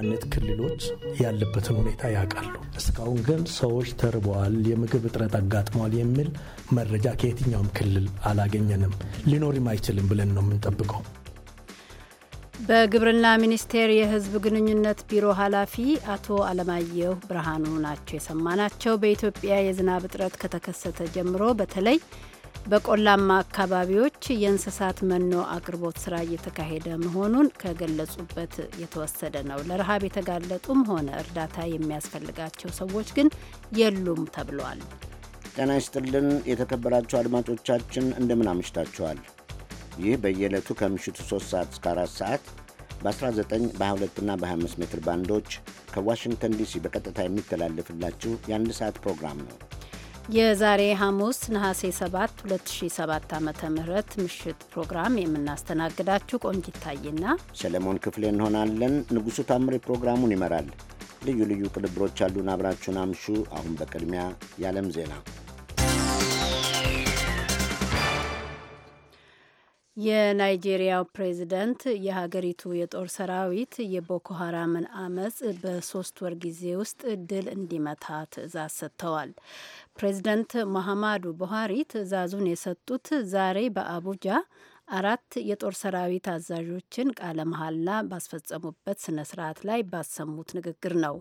በዋናነት ክልሎች ያለበትን ሁኔታ ያውቃሉ። እስካሁን ግን ሰዎች ተርበዋል፣ የምግብ እጥረት አጋጥሟል የሚል መረጃ ከየትኛውም ክልል አላገኘንም። ሊኖርም አይችልም ብለን ነው የምንጠብቀው። በግብርና ሚኒስቴር የሕዝብ ግንኙነት ቢሮ ኃላፊ አቶ አለማየሁ ብርሃኑ ናቸው የሰማናቸው። በኢትዮጵያ የዝናብ እጥረት ከተከሰተ ጀምሮ በተለይ በቆላማ አካባቢዎች የእንስሳት መኖ አቅርቦት ስራ እየተካሄደ መሆኑን ከገለጹበት የተወሰደ ነው። ለረሃብ የተጋለጡም ሆነ እርዳታ የሚያስፈልጋቸው ሰዎች ግን የሉም ተብሏል። ጤና ይስጥልን የተከበራችሁ አድማጮቻችን እንደምን አምሽታችኋል። ይህ በየዕለቱ ከምሽቱ 3 ሰዓት እስከ 4 ሰዓት በ19 22 እና በ25 ሜትር ባንዶች ከዋሽንግተን ዲሲ በቀጥታ የሚተላለፍላችሁ የአንድ ሰዓት ፕሮግራም ነው። የዛሬ ሐሙስ ነሐሴ 7 2007 ዓ ም ምሽት ፕሮግራም የምናስተናግዳችሁ ቆንጅ ይታይና ሰለሞን ክፍሌ እንሆናለን። ንጉሡ ታምሬ ፕሮግራሙን ይመራል። ልዩ ልዩ ቅንብሮች አሉን። አብራችሁን አምሹ። አሁን በቅድሚያ የዓለም ዜና። የናይጄሪያው ፕሬዚደንት የሀገሪቱ የጦር ሰራዊት የቦኮ ሀራምን አመፅ በሶስት ወር ጊዜ ውስጥ ድል እንዲመታ ትዕዛዝ ሰጥተዋል። ፕሬዚደንት መሐማዱ ቡሃሪ ትዕዛዙን የሰጡት ዛሬ በአቡጃ አራት የጦር ሰራዊት አዛዦችን ቃለ መሐላ ባስፈጸሙበት ስነ ስርዓት ላይ ባሰሙት ንግግር ነው።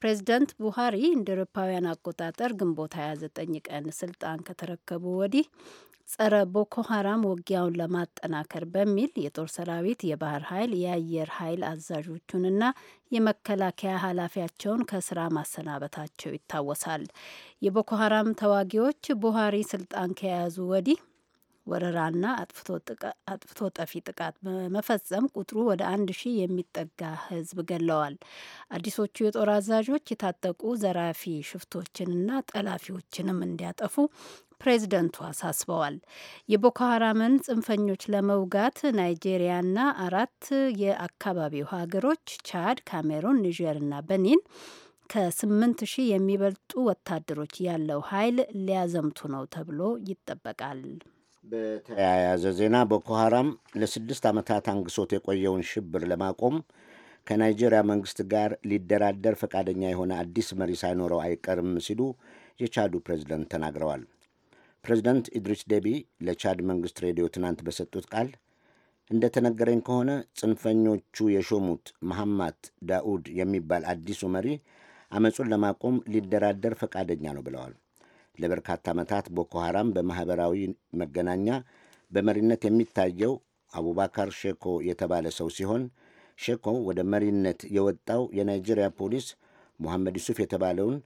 ፕሬዚደንት ቡሃሪ እንደ አውሮፓውያን አቆጣጠር ግንቦት 29 ቀን ስልጣን ከተረከቡ ወዲህ ጸረ ቦኮ ሀራም ውጊያውን ለማጠናከር በሚል የጦር ሰራዊት፣ የባህር ኃይል፣ የአየር ኃይል አዛዦቹንና የመከላከያ ኃላፊያቸውን ከስራ ማሰናበታቸው ይታወሳል። የቦኮ ሀራም ተዋጊዎች ቡሃሪ ስልጣን ከያዙ ወዲህ ወረራና አጥፍቶ ጠፊ ጥቃት በመፈጸም ቁጥሩ ወደ አንድ ሺህ የሚጠጋ ህዝብ ገለዋል። አዲሶቹ የጦር አዛዦች የታጠቁ ዘራፊ ሽፍቶችንና ጠላፊዎችንም እንዲያጠፉ ፕሬዝደንቱ አሳስበዋል። የቦኮ ሀራምን ጽንፈኞች ለመውጋት ናይጄሪያና አራት የአካባቢው ሀገሮች ቻድ፣ ካሜሩን፣ ኒጀርና በኒን ከስምንት ሺህ የሚበልጡ ወታደሮች ያለው ኃይል ሊያዘምቱ ነው ተብሎ ይጠበቃል። በተያያዘ ዜና ቦኮ ሀራም ለስድስት ዓመታት አንግሶት የቆየውን ሽብር ለማቆም ከናይጄሪያ መንግስት ጋር ሊደራደር ፈቃደኛ የሆነ አዲስ መሪ ሳይኖረው አይቀርም ሲሉ የቻዱ ፕሬዝደንት ተናግረዋል። ፕሬዚደንት ኢድሪስ ዴቢ ለቻድ መንግሥት ሬዲዮ ትናንት በሰጡት ቃል እንደተነገረኝ ከሆነ ጽንፈኞቹ የሾሙት መሐማት ዳኡድ የሚባል አዲሱ መሪ አመፁን ለማቆም ሊደራደር ፈቃደኛ ነው ብለዋል። ለበርካታ ዓመታት ቦኮ ሐራም በማኅበራዊ መገናኛ በመሪነት የሚታየው አቡባካር ሼኮ የተባለ ሰው ሲሆን ሼኮ ወደ መሪነት የወጣው የናይጄሪያ ፖሊስ ሙሐመድ ዩሱፍ የተባለውን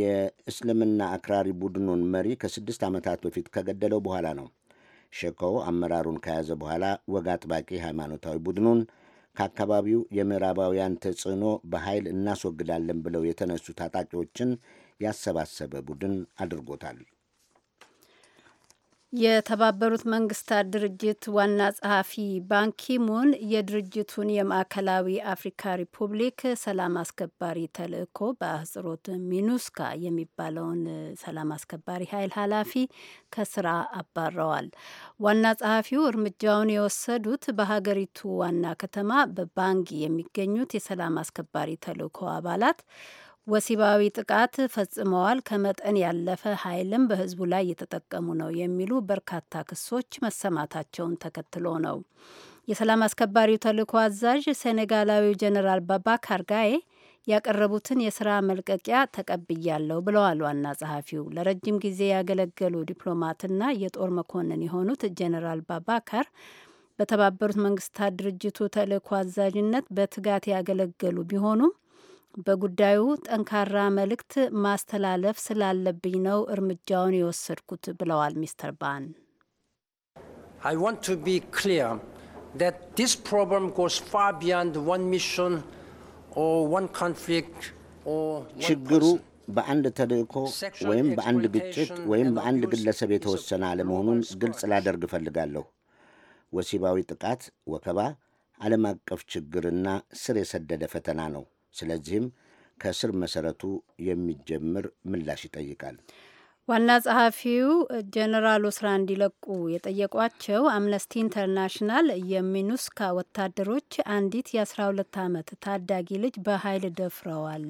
የእስልምና አክራሪ ቡድኑን መሪ ከስድስት ዓመታት በፊት ከገደለው በኋላ ነው። ሸኮው አመራሩን ከያዘ በኋላ ወግ አጥባቂ ሃይማኖታዊ ቡድኑን ከአካባቢው የምዕራባውያን ተጽዕኖ በኃይል እናስወግዳለን ብለው የተነሱ ታጣቂዎችን ያሰባሰበ ቡድን አድርጎታል። የተባበሩት መንግስታት ድርጅት ዋና ጸሐፊ ባንኪሙን የድርጅቱን የማዕከላዊ አፍሪካ ሪፑብሊክ ሰላም አስከባሪ ተልእኮ በአህጽሮት ሚኑስካ የሚባለውን ሰላም አስከባሪ ኃይል ኃላፊ ከስራ አባረዋል። ዋና ጸሐፊው እርምጃውን የወሰዱት በሀገሪቱ ዋና ከተማ በባንጊ የሚገኙት የሰላም አስከባሪ ተልእኮ አባላት ወሲባዊ ጥቃት ፈጽመዋል፣ ከመጠን ያለፈ ኃይልም በህዝቡ ላይ እየተጠቀሙ ነው የሚሉ በርካታ ክሶች መሰማታቸውን ተከትሎ ነው። የሰላም አስከባሪው ተልእኮ አዛዥ ሴኔጋላዊው ጀኔራል ባባካር ጋዬ ያቀረቡትን የስራ መልቀቂያ ተቀብያለሁ ብለዋል። ዋና ጸሐፊው ለረጅም ጊዜ ያገለገሉ ዲፕሎማትና የጦር መኮንን የሆኑት ጀኔራል ባባካር በተባበሩት መንግስታት ድርጅቱ ተልእኮ አዛዥነት በትጋት ያገለገሉ ቢሆኑም በጉዳዩ ጠንካራ መልእክት ማስተላለፍ ስላለብኝ ነው እርምጃውን የወሰድኩት ብለዋል ሚስተር ባን። ችግሩ በአንድ ተልእኮ ወይም በአንድ ግጭት ወይም በአንድ ግለሰብ የተወሰነ አለመሆኑን ግልጽ ላደርግ እፈልጋለሁ። ወሲባዊ ጥቃት፣ ወከባ ዓለም አቀፍ ችግርና ስር የሰደደ ፈተና ነው። ስለዚህም ከስር መሰረቱ የሚጀምር ምላሽ ይጠይቃል። ዋና ጸሐፊው ጀኔራል ስራ እንዲለቁ የጠየቋቸው አምነስቲ ኢንተርናሽናል የሚኑስካ ወታደሮች አንዲት የ12 ዓመት ታዳጊ ልጅ በኃይል ደፍረዋል፣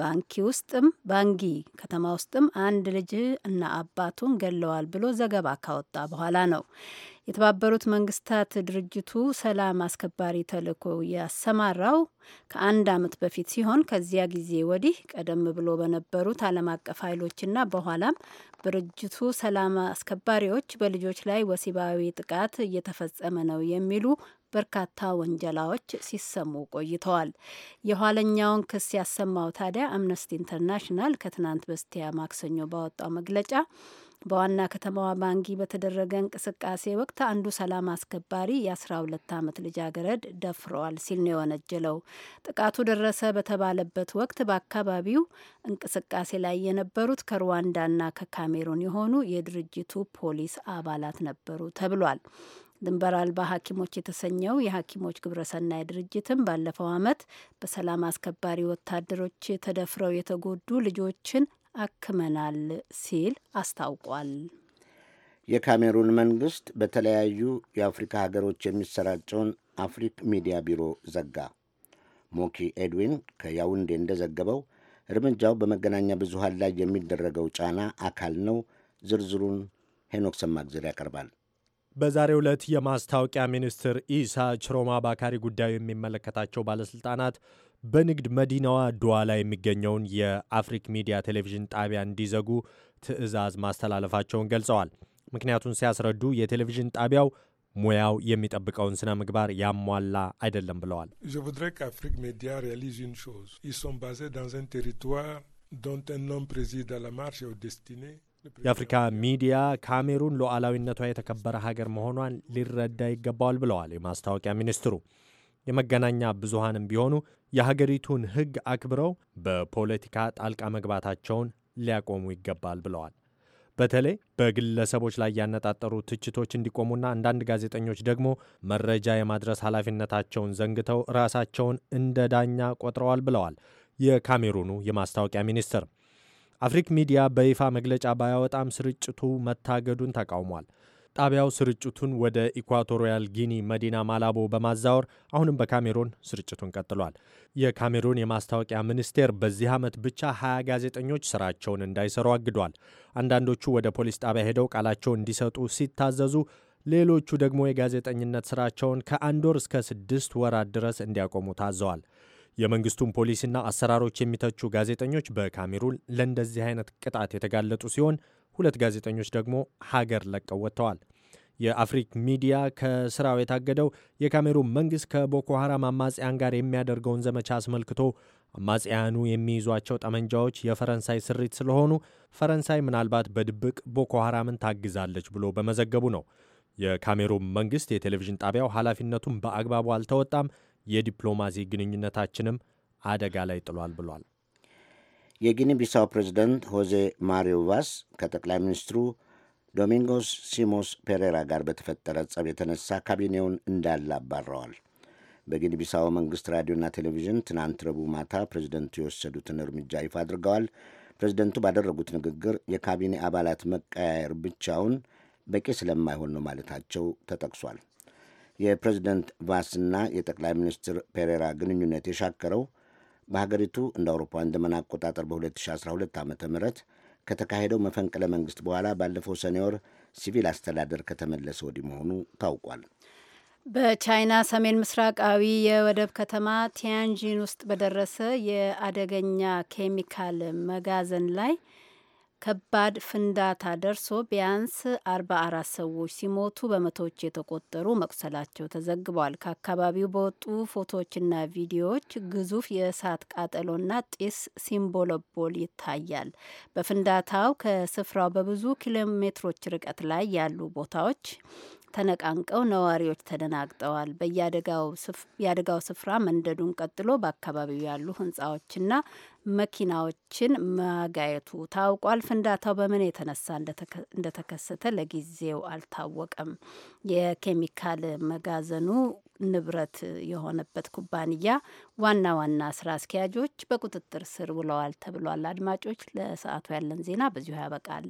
ባንኪ ውስጥም ባንጊ ከተማ ውስጥም አንድ ልጅ እና አባቱን ገለዋል ብሎ ዘገባ ካወጣ በኋላ ነው። የተባበሩት መንግስታት ድርጅቱ ሰላም አስከባሪ ተልእኮ ያሰማራው ከአንድ ዓመት በፊት ሲሆን ከዚያ ጊዜ ወዲህ ቀደም ብሎ በነበሩት ዓለም አቀፍ ኃይሎችና በኋላም ድርጅቱ ሰላም አስከባሪዎች በልጆች ላይ ወሲባዊ ጥቃት እየተፈጸመ ነው የሚሉ በርካታ ወንጀላዎች ሲሰሙ ቆይተዋል። የኋለኛውን ክስ ያሰማው ታዲያ አምነስቲ ኢንተርናሽናል ከትናንት በስቲያ ማክሰኞ ባወጣው መግለጫ በዋና ከተማዋ ባንጊ በተደረገ እንቅስቃሴ ወቅት አንዱ ሰላም አስከባሪ የ12 ዓመት ልጃገረድ ደፍረዋል ሲል ነው የወነጀለው። ጥቃቱ ደረሰ በተባለበት ወቅት በአካባቢው እንቅስቃሴ ላይ የነበሩት ከሩዋንዳና ከካሜሩን የሆኑ የድርጅቱ ፖሊስ አባላት ነበሩ ተብሏል። ድንበር አልባ ሐኪሞች የተሰኘው የሐኪሞች ግብረሰናይ ድርጅትም ባለፈው ዓመት በሰላም አስከባሪ ወታደሮች ተደፍረው የተጎዱ ልጆችን አክመናል ሲል አስታውቋል። የካሜሩን መንግስት በተለያዩ የአፍሪካ ሀገሮች የሚሰራጨውን አፍሪክ ሚዲያ ቢሮ ዘጋ። ሞኪ ኤድዊን ከያውንዴ እንደዘገበው እርምጃው በመገናኛ ብዙሃን ላይ የሚደረገው ጫና አካል ነው። ዝርዝሩን ሄኖክ ሰማግዘር ያቀርባል። በዛሬ ዕለት የማስታወቂያ ሚኒስትር ኢሳ ችሮማ ባካሪ ጉዳዩ የሚመለከታቸው ባለሥልጣናት በንግድ መዲናዋ ዶዋ ላይ የሚገኘውን የአፍሪክ ሚዲያ ቴሌቪዥን ጣቢያ እንዲዘጉ ትዕዛዝ ማስተላለፋቸውን ገልጸዋል። ምክንያቱን ሲያስረዱ የቴሌቪዥን ጣቢያው ሙያው የሚጠብቀውን ስነ ምግባር ያሟላ አይደለም ብለዋል። የአፍሪካ ሚዲያ ካሜሩን ሉዓላዊነቷ የተከበረ ሀገር መሆኗን ሊረዳ ይገባዋል ብለዋል የማስታወቂያ ሚኒስትሩ። የመገናኛ ብዙሃንም ቢሆኑ የሀገሪቱን ሕግ አክብረው በፖለቲካ ጣልቃ መግባታቸውን ሊያቆሙ ይገባል ብለዋል። በተለይ በግለሰቦች ላይ ያነጣጠሩ ትችቶች እንዲቆሙና አንዳንድ ጋዜጠኞች ደግሞ መረጃ የማድረስ ኃላፊነታቸውን ዘንግተው ራሳቸውን እንደ ዳኛ ቆጥረዋል ብለዋል የካሜሩኑ የማስታወቂያ ሚኒስትር። አፍሪክ ሚዲያ በይፋ መግለጫ ባያወጣም ስርጭቱ መታገዱን ተቃውሟል። ጣቢያው ስርጭቱን ወደ ኢኳቶሪያል ጊኒ መዲና ማላቦ በማዛወር አሁንም በካሜሩን ስርጭቱን ቀጥሏል። የካሜሩን የማስታወቂያ ሚኒስቴር በዚህ ዓመት ብቻ 20 ጋዜጠኞች ስራቸውን እንዳይሰሩ አግዷል። አንዳንዶቹ ወደ ፖሊስ ጣቢያ ሄደው ቃላቸውን እንዲሰጡ ሲታዘዙ፣ ሌሎቹ ደግሞ የጋዜጠኝነት ስራቸውን ከአንድ ወር እስከ ስድስት ወራት ድረስ እንዲያቆሙ ታዘዋል። የመንግስቱን ፖሊሲና አሰራሮች የሚተቹ ጋዜጠኞች በካሜሩን ለእንደዚህ አይነት ቅጣት የተጋለጡ ሲሆን ሁለት ጋዜጠኞች ደግሞ ሀገር ለቀው ወጥተዋል። የአፍሪክ ሚዲያ ከስራው የታገደው የካሜሩን መንግሥት ከቦኮ ሐራም አማጽያን ጋር የሚያደርገውን ዘመቻ አስመልክቶ አማጽያኑ የሚይዟቸው ጠመንጃዎች የፈረንሳይ ስሪት ስለሆኑ ፈረንሳይ ምናልባት በድብቅ ቦኮ ሐራምን ታግዛለች ብሎ በመዘገቡ ነው። የካሜሩን መንግሥት የቴሌቪዥን ጣቢያው ኃላፊነቱን በአግባቡ አልተወጣም፣ የዲፕሎማሲ ግንኙነታችንም አደጋ ላይ ጥሏል ብሏል። የጊኒ ቢሳው ፕሬዚደንት ሆዜ ማሪዮ ቫስ ከጠቅላይ ሚኒስትሩ ዶሚንጎስ ሲሞስ ፔሬራ ጋር በተፈጠረ ጸብ የተነሳ ካቢኔውን እንዳለ አባረዋል። በጊኒ ቢሳው መንግሥት ራዲዮና ቴሌቪዥን ትናንት ረቡዕ ማታ ፕሬዚደንቱ የወሰዱትን እርምጃ ይፋ አድርገዋል። ፕሬዚደንቱ ባደረጉት ንግግር የካቢኔ አባላት መቀያየር ብቻውን በቂ ስለማይሆን ነው ማለታቸው ተጠቅሷል። የፕሬዚደንት ቫስና የጠቅላይ ሚኒስትር ፔሬራ ግንኙነት የሻከረው በሀገሪቱ እንደ አውሮፓውያን ዘመን አቆጣጠር በ2012 ዓ ም ከተካሄደው መፈንቅለ መንግስት በኋላ ባለፈው ሰኔ ወር ሲቪል አስተዳደር ከተመለሰ ወዲህ መሆኑ ታውቋል። በቻይና ሰሜን ምስራቃዊ የወደብ ከተማ ቲያንጂን ውስጥ በደረሰ የአደገኛ ኬሚካል መጋዘን ላይ ከባድ ፍንዳታ ደርሶ ቢያንስ 44 ሰዎች ሲሞቱ በመቶዎች የተቆጠሩ መቁሰላቸው ተዘግቧል። ከአካባቢው በወጡ ፎቶዎችና ቪዲዮዎች ግዙፍ የእሳት ቃጠሎና ጢስ ሲምቦለቦል ይታያል። በፍንዳታው ከስፍራው በብዙ ኪሎ ሜትሮች ርቀት ላይ ያሉ ቦታዎች ተነቃንቀው ነዋሪዎች ተደናግጠዋል። የአደጋው ስፍራ መንደዱን ቀጥሎ በአካባቢው ያሉ ህንፃዎችና መኪናዎችን ማጋየቱ ታውቋል። ፍንዳታው በምን የተነሳ እንደተከሰተ ለጊዜው አልታወቀም። የኬሚካል መጋዘኑ ንብረት የሆነበት ኩባንያ ዋና ዋና ስራ አስኪያጆች በቁጥጥር ስር ውለዋል ተብሏል። አድማጮች፣ ለሰዓቱ ያለን ዜና በዚሁ ያበቃል።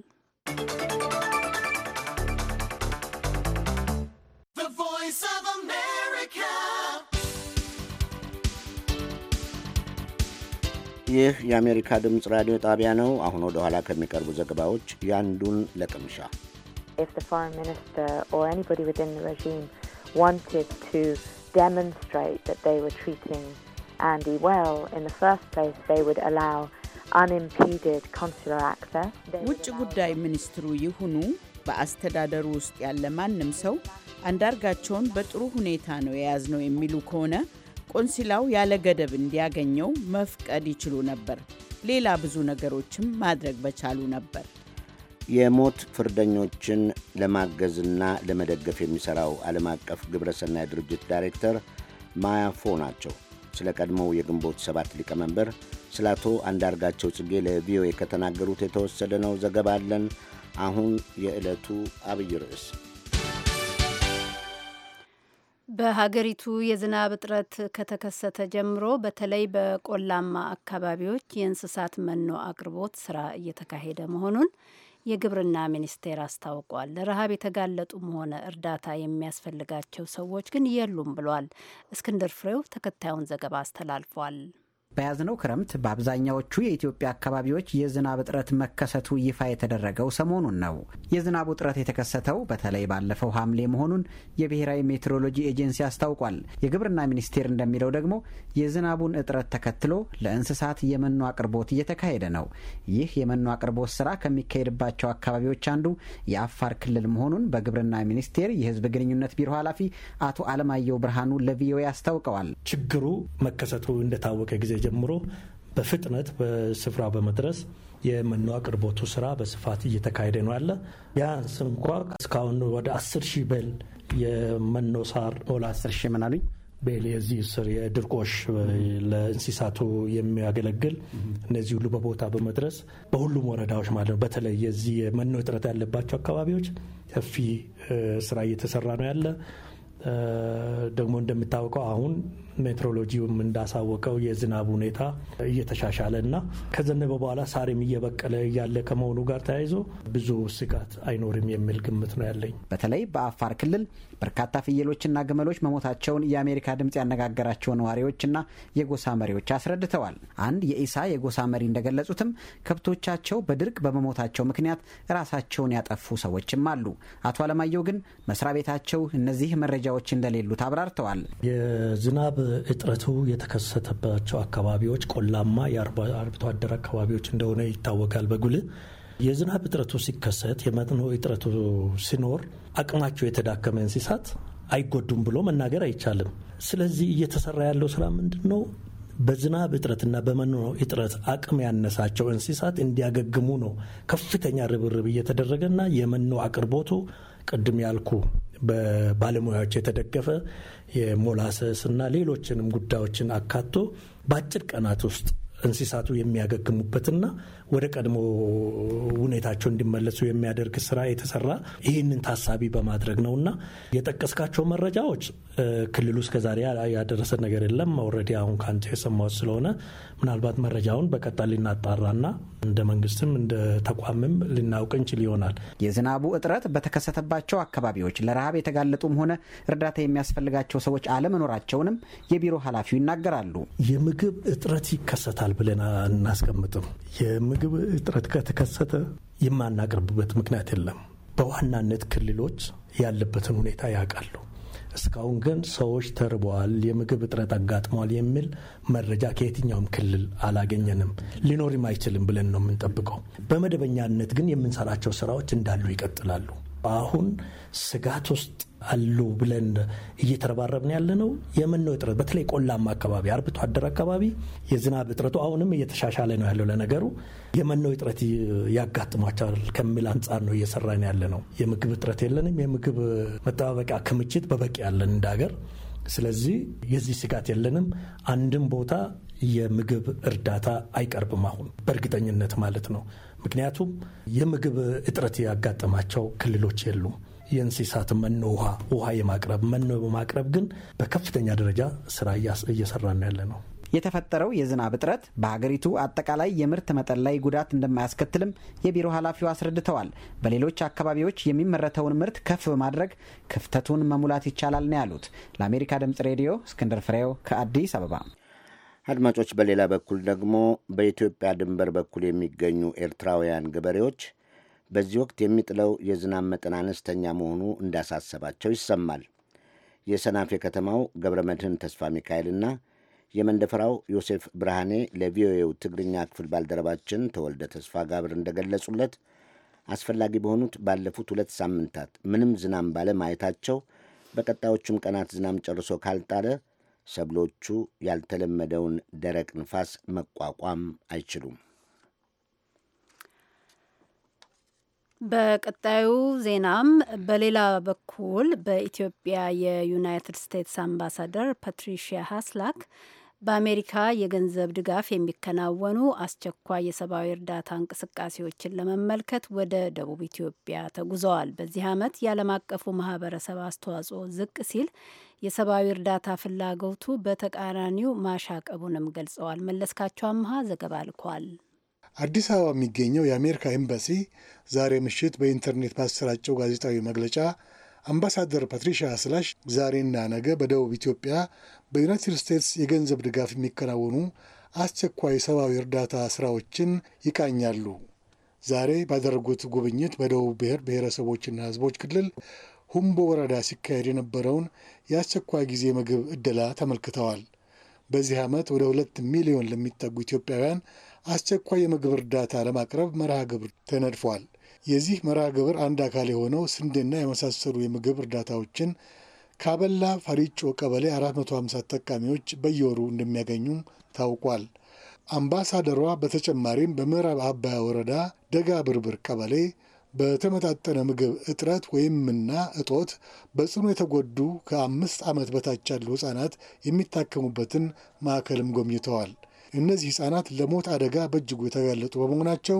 ይህ የአሜሪካ ድምፅ ራዲዮ ጣቢያ ነው። አሁን ወደ ኋላ ከሚቀርቡ ዘገባዎች ያንዱን ለቅምሻ ውጭ ጉዳይ ሚኒስትሩ ይሁኑ በአስተዳደሩ ውስጥ ያለ ማንም ሰው አንዳርጋቸውን በጥሩ ሁኔታ ነው የያዝነው የሚሉ ከሆነ ቆንሲላው ያለ ገደብ እንዲያገኘው መፍቀድ ይችሉ ነበር። ሌላ ብዙ ነገሮችም ማድረግ በቻሉ ነበር። የሞት ፍርደኞችን ለማገዝና ለመደገፍ የሚሠራው ዓለም አቀፍ ግብረሰናይ ድርጅት ዳይሬክተር ማያፎ ናቸው። ስለ ቀድሞው የግንቦት ሰባት ሊቀመንበር ስለ አቶ አንዳርጋቸው ጽጌ ለቪኦኤ ከተናገሩት የተወሰደ ነው። ዘገባ አለን። አሁን የዕለቱ አብይ ርዕስ በሀገሪቱ የዝናብ እጥረት ከተከሰተ ጀምሮ በተለይ በቆላማ አካባቢዎች የእንስሳት መኖ አቅርቦት ስራ እየተካሄደ መሆኑን የግብርና ሚኒስቴር አስታውቋል። ለረሃብ የተጋለጡም ሆነ እርዳታ የሚያስፈልጋቸው ሰዎች ግን የሉም ብሏል። እስክንድር ፍሬው ተከታዩን ዘገባ አስተላልፏል። በያዝነው ክረምት በአብዛኛዎቹ የኢትዮጵያ አካባቢዎች የዝናብ እጥረት መከሰቱ ይፋ የተደረገው ሰሞኑን ነው። የዝናቡ እጥረት የተከሰተው በተለይ ባለፈው ሐምሌ መሆኑን የብሔራዊ ሜትሮሎጂ ኤጀንሲ አስታውቋል። የግብርና ሚኒስቴር እንደሚለው ደግሞ የዝናቡን እጥረት ተከትሎ ለእንስሳት የመኖ አቅርቦት እየተካሄደ ነው። ይህ የመኖ አቅርቦት ስራ ከሚካሄድባቸው አካባቢዎች አንዱ የአፋር ክልል መሆኑን በግብርና ሚኒስቴር የሕዝብ ግንኙነት ቢሮ ኃላፊ አቶ አለማየሁ ብርሃኑ ለቪኦኤ አስታውቀዋል። ችግሩ መከሰቱ እንደታወቀ ጊዜ ጀምሮ በፍጥነት በስፍራ በመድረስ የመኖ አቅርቦቱ ስራ በስፋት እየተካሄደ ነው ያለ። ቢያንስ እንኳ እስካሁን ወደ አስር ሺህ በል የመኖ ሳር ወደ አስር ሺህ ምን ቤል የዚህ ስር የድርቆሽ ለእንስሳቱ የሚያገለግል እነዚህ ሁሉ በቦታ በመድረስ በሁሉም ወረዳዎች ማለት ነው። በተለይ የዚህ የመኖ እጥረት ያለባቸው አካባቢዎች ሰፊ ስራ እየተሰራ ነው ያለ። ደግሞ እንደሚታወቀው አሁን ሜትሮሎጂውም እንዳሳወቀው የዝናብ ሁኔታ እየተሻሻለ እና ከዘነበ በኋላ ሳሬም እየበቀለ እያለ ከመሆኑ ጋር ተያይዞ ብዙ ስጋት አይኖርም የሚል ግምት ነው ያለኝ። በተለይ በአፋር ክልል በርካታ ፍየሎችና ግመሎች መሞታቸውን የአሜሪካ ድምፅ ያነጋገራቸው ነዋሪዎችና የጎሳ መሪዎች አስረድተዋል። አንድ የኢሳ የጎሳ መሪ እንደገለጹትም ከብቶቻቸው በድርቅ በመሞታቸው ምክንያት ራሳቸውን ያጠፉ ሰዎችም አሉ። አቶ አለማየሁ ግን መስሪያ ቤታቸው እነዚህ መረጃዎች እንደሌሉት አብራርተዋል። የዝናብ እጥረቱ የተከሰተባቸው አካባቢዎች ቆላማ የአርብቶ አደር አካባቢዎች እንደሆነ ይታወቃል በጉልህ የዝናብ እጥረቱ ሲከሰት፣ የመጥኖ እጥረቱ ሲኖር አቅማቸው የተዳከመ እንስሳት አይጎዱም ብሎ መናገር አይቻልም። ስለዚህ እየተሰራ ያለው ስራ ምንድን ነው? በዝናብ እጥረትና በመኖ እጥረት አቅም ያነሳቸው እንስሳት እንዲያገግሙ ነው ከፍተኛ ርብርብ እየተደረገና የመኖ አቅርቦቱ ቅድም ያልኩ በባለሙያዎች የተደገፈ የሞላሰስና ሌሎችንም ጉዳዮችን አካቶ በአጭር ቀናት ውስጥ እንስሳቱ የሚያገግሙበትና ወደ ቀድሞ ሁኔታቸው እንዲመለሱ የሚያደርግ ስራ የተሰራ ይህንን ታሳቢ በማድረግ ነው እና የጠቀስካቸው መረጃዎች ክልሉ እስከዛሬ ያደረሰ ነገር የለም። ኦልሬዲ አሁን ከአንተ የሰማሁት ስለሆነ ምናልባት መረጃውን በቀጣይ ልናጣራና እንደ መንግስትም እንደ ተቋምም ልናውቅ እንችል ይሆናል። የዝናቡ እጥረት በተከሰተባቸው አካባቢዎች ለረሃብ የተጋለጡም ሆነ እርዳታ የሚያስፈልጋቸው ሰዎች አለመኖራቸውንም የቢሮ ኃላፊው ይናገራሉ። የምግብ እጥረት ይከሰታል ብለን አናስቀምጥም። የምግብ እጥረት ከተከሰተ የማናቀርብበት ምክንያት የለም። በዋናነት ክልሎች ያለበትን ሁኔታ ያውቃሉ። እስካሁን ግን ሰዎች ተርበዋል፣ የምግብ እጥረት አጋጥሟል የሚል መረጃ ከየትኛውም ክልል አላገኘንም። ሊኖርም አይችልም ብለን ነው የምንጠብቀው። በመደበኛነት ግን የምንሰራቸው ስራዎች እንዳሉ ይቀጥላሉ። አሁን ስጋት ውስጥ አሉ ብለን እየተረባረብን ያለ ነው። የመኖ እጥረት በተለይ ቆላማ አካባቢ፣ አርብቶ አደር አካባቢ የዝናብ እጥረቱ አሁንም እየተሻሻለ ነው ያለው። ለነገሩ የመኖ እጥረት ያጋጥሟቸዋል ከሚል አንጻር ነው እየሰራን ያለ ነው። የምግብ እጥረት የለንም። የምግብ መጠባበቂያ ክምችት በበቂ ያለን እንደ ሀገር። ስለዚህ የዚህ ስጋት የለንም። አንድም ቦታ የምግብ እርዳታ አይቀርብም አሁን በእርግጠኝነት ማለት ነው። ምክንያቱም የምግብ እጥረት ያጋጠማቸው ክልሎች የሉም። የእንስሳት መኖ ውሃ ውሃ የማቅረብ መኖ በማቅረብ ግን በከፍተኛ ደረጃ ስራ ነው ያለ ነው። የተፈጠረው የዝናብ እጥረት በሀገሪቱ አጠቃላይ የምርት መጠን ላይ ጉዳት እንደማያስከትልም የቢሮ ኃላፊው አስረድተዋል። በሌሎች አካባቢዎች የሚመረተውን ምርት ከፍ በማድረግ ክፍተቱን መሙላት ይቻላል ነው ያሉት። ለአሜሪካ ድምጽ ሬዲዮ እስክንድር ፍሬው ከአዲስ አበባ። አድማጮች፣ በሌላ በኩል ደግሞ በኢትዮጵያ ድንበር በኩል የሚገኙ ኤርትራውያን ገበሬዎች በዚህ ወቅት የሚጥለው የዝናብ መጠን አነስተኛ መሆኑ እንዳሳሰባቸው ይሰማል። የሰናፌ ከተማው ገብረ መድህን ተስፋ ሚካኤልና የመንደፈራው ዮሴፍ ብርሃኔ ለቪኦኤው ትግርኛ ክፍል ባልደረባችን ተወልደ ተስፋ ጋብር እንደገለጹለት አስፈላጊ በሆኑት ባለፉት ሁለት ሳምንታት ምንም ዝናም ባለ ማየታቸው በቀጣዮቹም ቀናት ዝናም ጨርሶ ካልጣለ ሰብሎቹ ያልተለመደውን ደረቅ ንፋስ መቋቋም አይችሉም። በቀጣዩ ዜናም በሌላ በኩል በኢትዮጵያ የዩናይትድ ስቴትስ አምባሳደር ፓትሪሺያ ሀስላክ በአሜሪካ የገንዘብ ድጋፍ የሚከናወኑ አስቸኳይ የሰብአዊ እርዳታ እንቅስቃሴዎችን ለመመልከት ወደ ደቡብ ኢትዮጵያ ተጉዘዋል። በዚህ ዓመት የዓለም አቀፉ ማህበረሰብ አስተዋጽኦ ዝቅ ሲል የሰብአዊ እርዳታ ፍላጎቱ በተቃራኒው ማሻቀቡንም ገልጸዋል። መለስካቸው አምሃ ዘገባ ልኳል። አዲስ አበባ የሚገኘው የአሜሪካ ኤምባሲ ዛሬ ምሽት በኢንተርኔት ባሰራጨው ጋዜጣዊ መግለጫ አምባሳደር ፓትሪሻ ስላሽ ዛሬና ነገ በደቡብ ኢትዮጵያ በዩናይትድ ስቴትስ የገንዘብ ድጋፍ የሚከናወኑ አስቸኳይ ሰብአዊ እርዳታ ስራዎችን ይቃኛሉ። ዛሬ ባደረጉት ጉብኝት በደቡብ ብሔር ብሔረሰቦችና ህዝቦች ክልል ሁምቦ ወረዳ ሲካሄድ የነበረውን የአስቸኳይ ጊዜ ምግብ ዕደላ ተመልክተዋል። በዚህ ዓመት ወደ ሁለት ሚሊዮን ለሚጠጉ ኢትዮጵያውያን አስቸኳይ የምግብ እርዳታ ለማቅረብ መርሃ ግብር ተነድፏል። የዚህ መርሃ ግብር አንድ አካል የሆነው ስንዴና የመሳሰሉ የምግብ እርዳታዎችን ካበላ ፈሪጮ ቀበሌ 450 ተጠቃሚዎች በየወሩ እንደሚያገኙም ታውቋል። አምባሳደሯ በተጨማሪም በምዕራብ አባያ ወረዳ ደጋ ብርብር ቀበሌ በተመጣጠነ ምግብ እጥረት ወይምና እጦት በጽኑ የተጎዱ ከአምስት ዓመት በታች ያሉ ሕፃናት የሚታከሙበትን ማዕከልም ጎብኝተዋል። እነዚህ ህጻናት ለሞት አደጋ በእጅጉ የተጋለጡ በመሆናቸው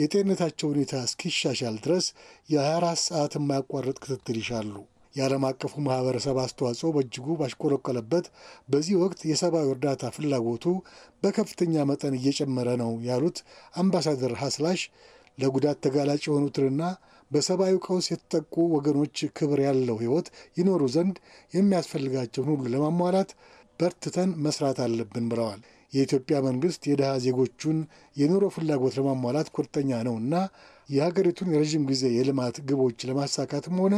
የጤንነታቸው ሁኔታ እስኪሻሻል ድረስ የ24 ሰዓት የማያቋርጥ ክትትል ይሻሉ። የዓለም አቀፉ ማህበረሰብ አስተዋጽኦ በእጅጉ ባሽቆለቆለበት በዚህ ወቅት የሰብአዊ እርዳታ ፍላጎቱ በከፍተኛ መጠን እየጨመረ ነው ያሉት አምባሳደር ሀስላሽ ለጉዳት ተጋላጭ የሆኑትንና በሰብአዊ ቀውስ የተጠቁ ወገኖች ክብር ያለው ህይወት ይኖሩ ዘንድ የሚያስፈልጋቸውን ሁሉ ለማሟላት በርትተን መስራት አለብን ብለዋል። የኢትዮጵያ መንግስት የድሃ ዜጎቹን የኑሮ ፍላጎት ለማሟላት ቁርጠኛ እና የሀገሪቱን የረዥም ጊዜ የልማት ግቦች ለማሳካትም ሆነ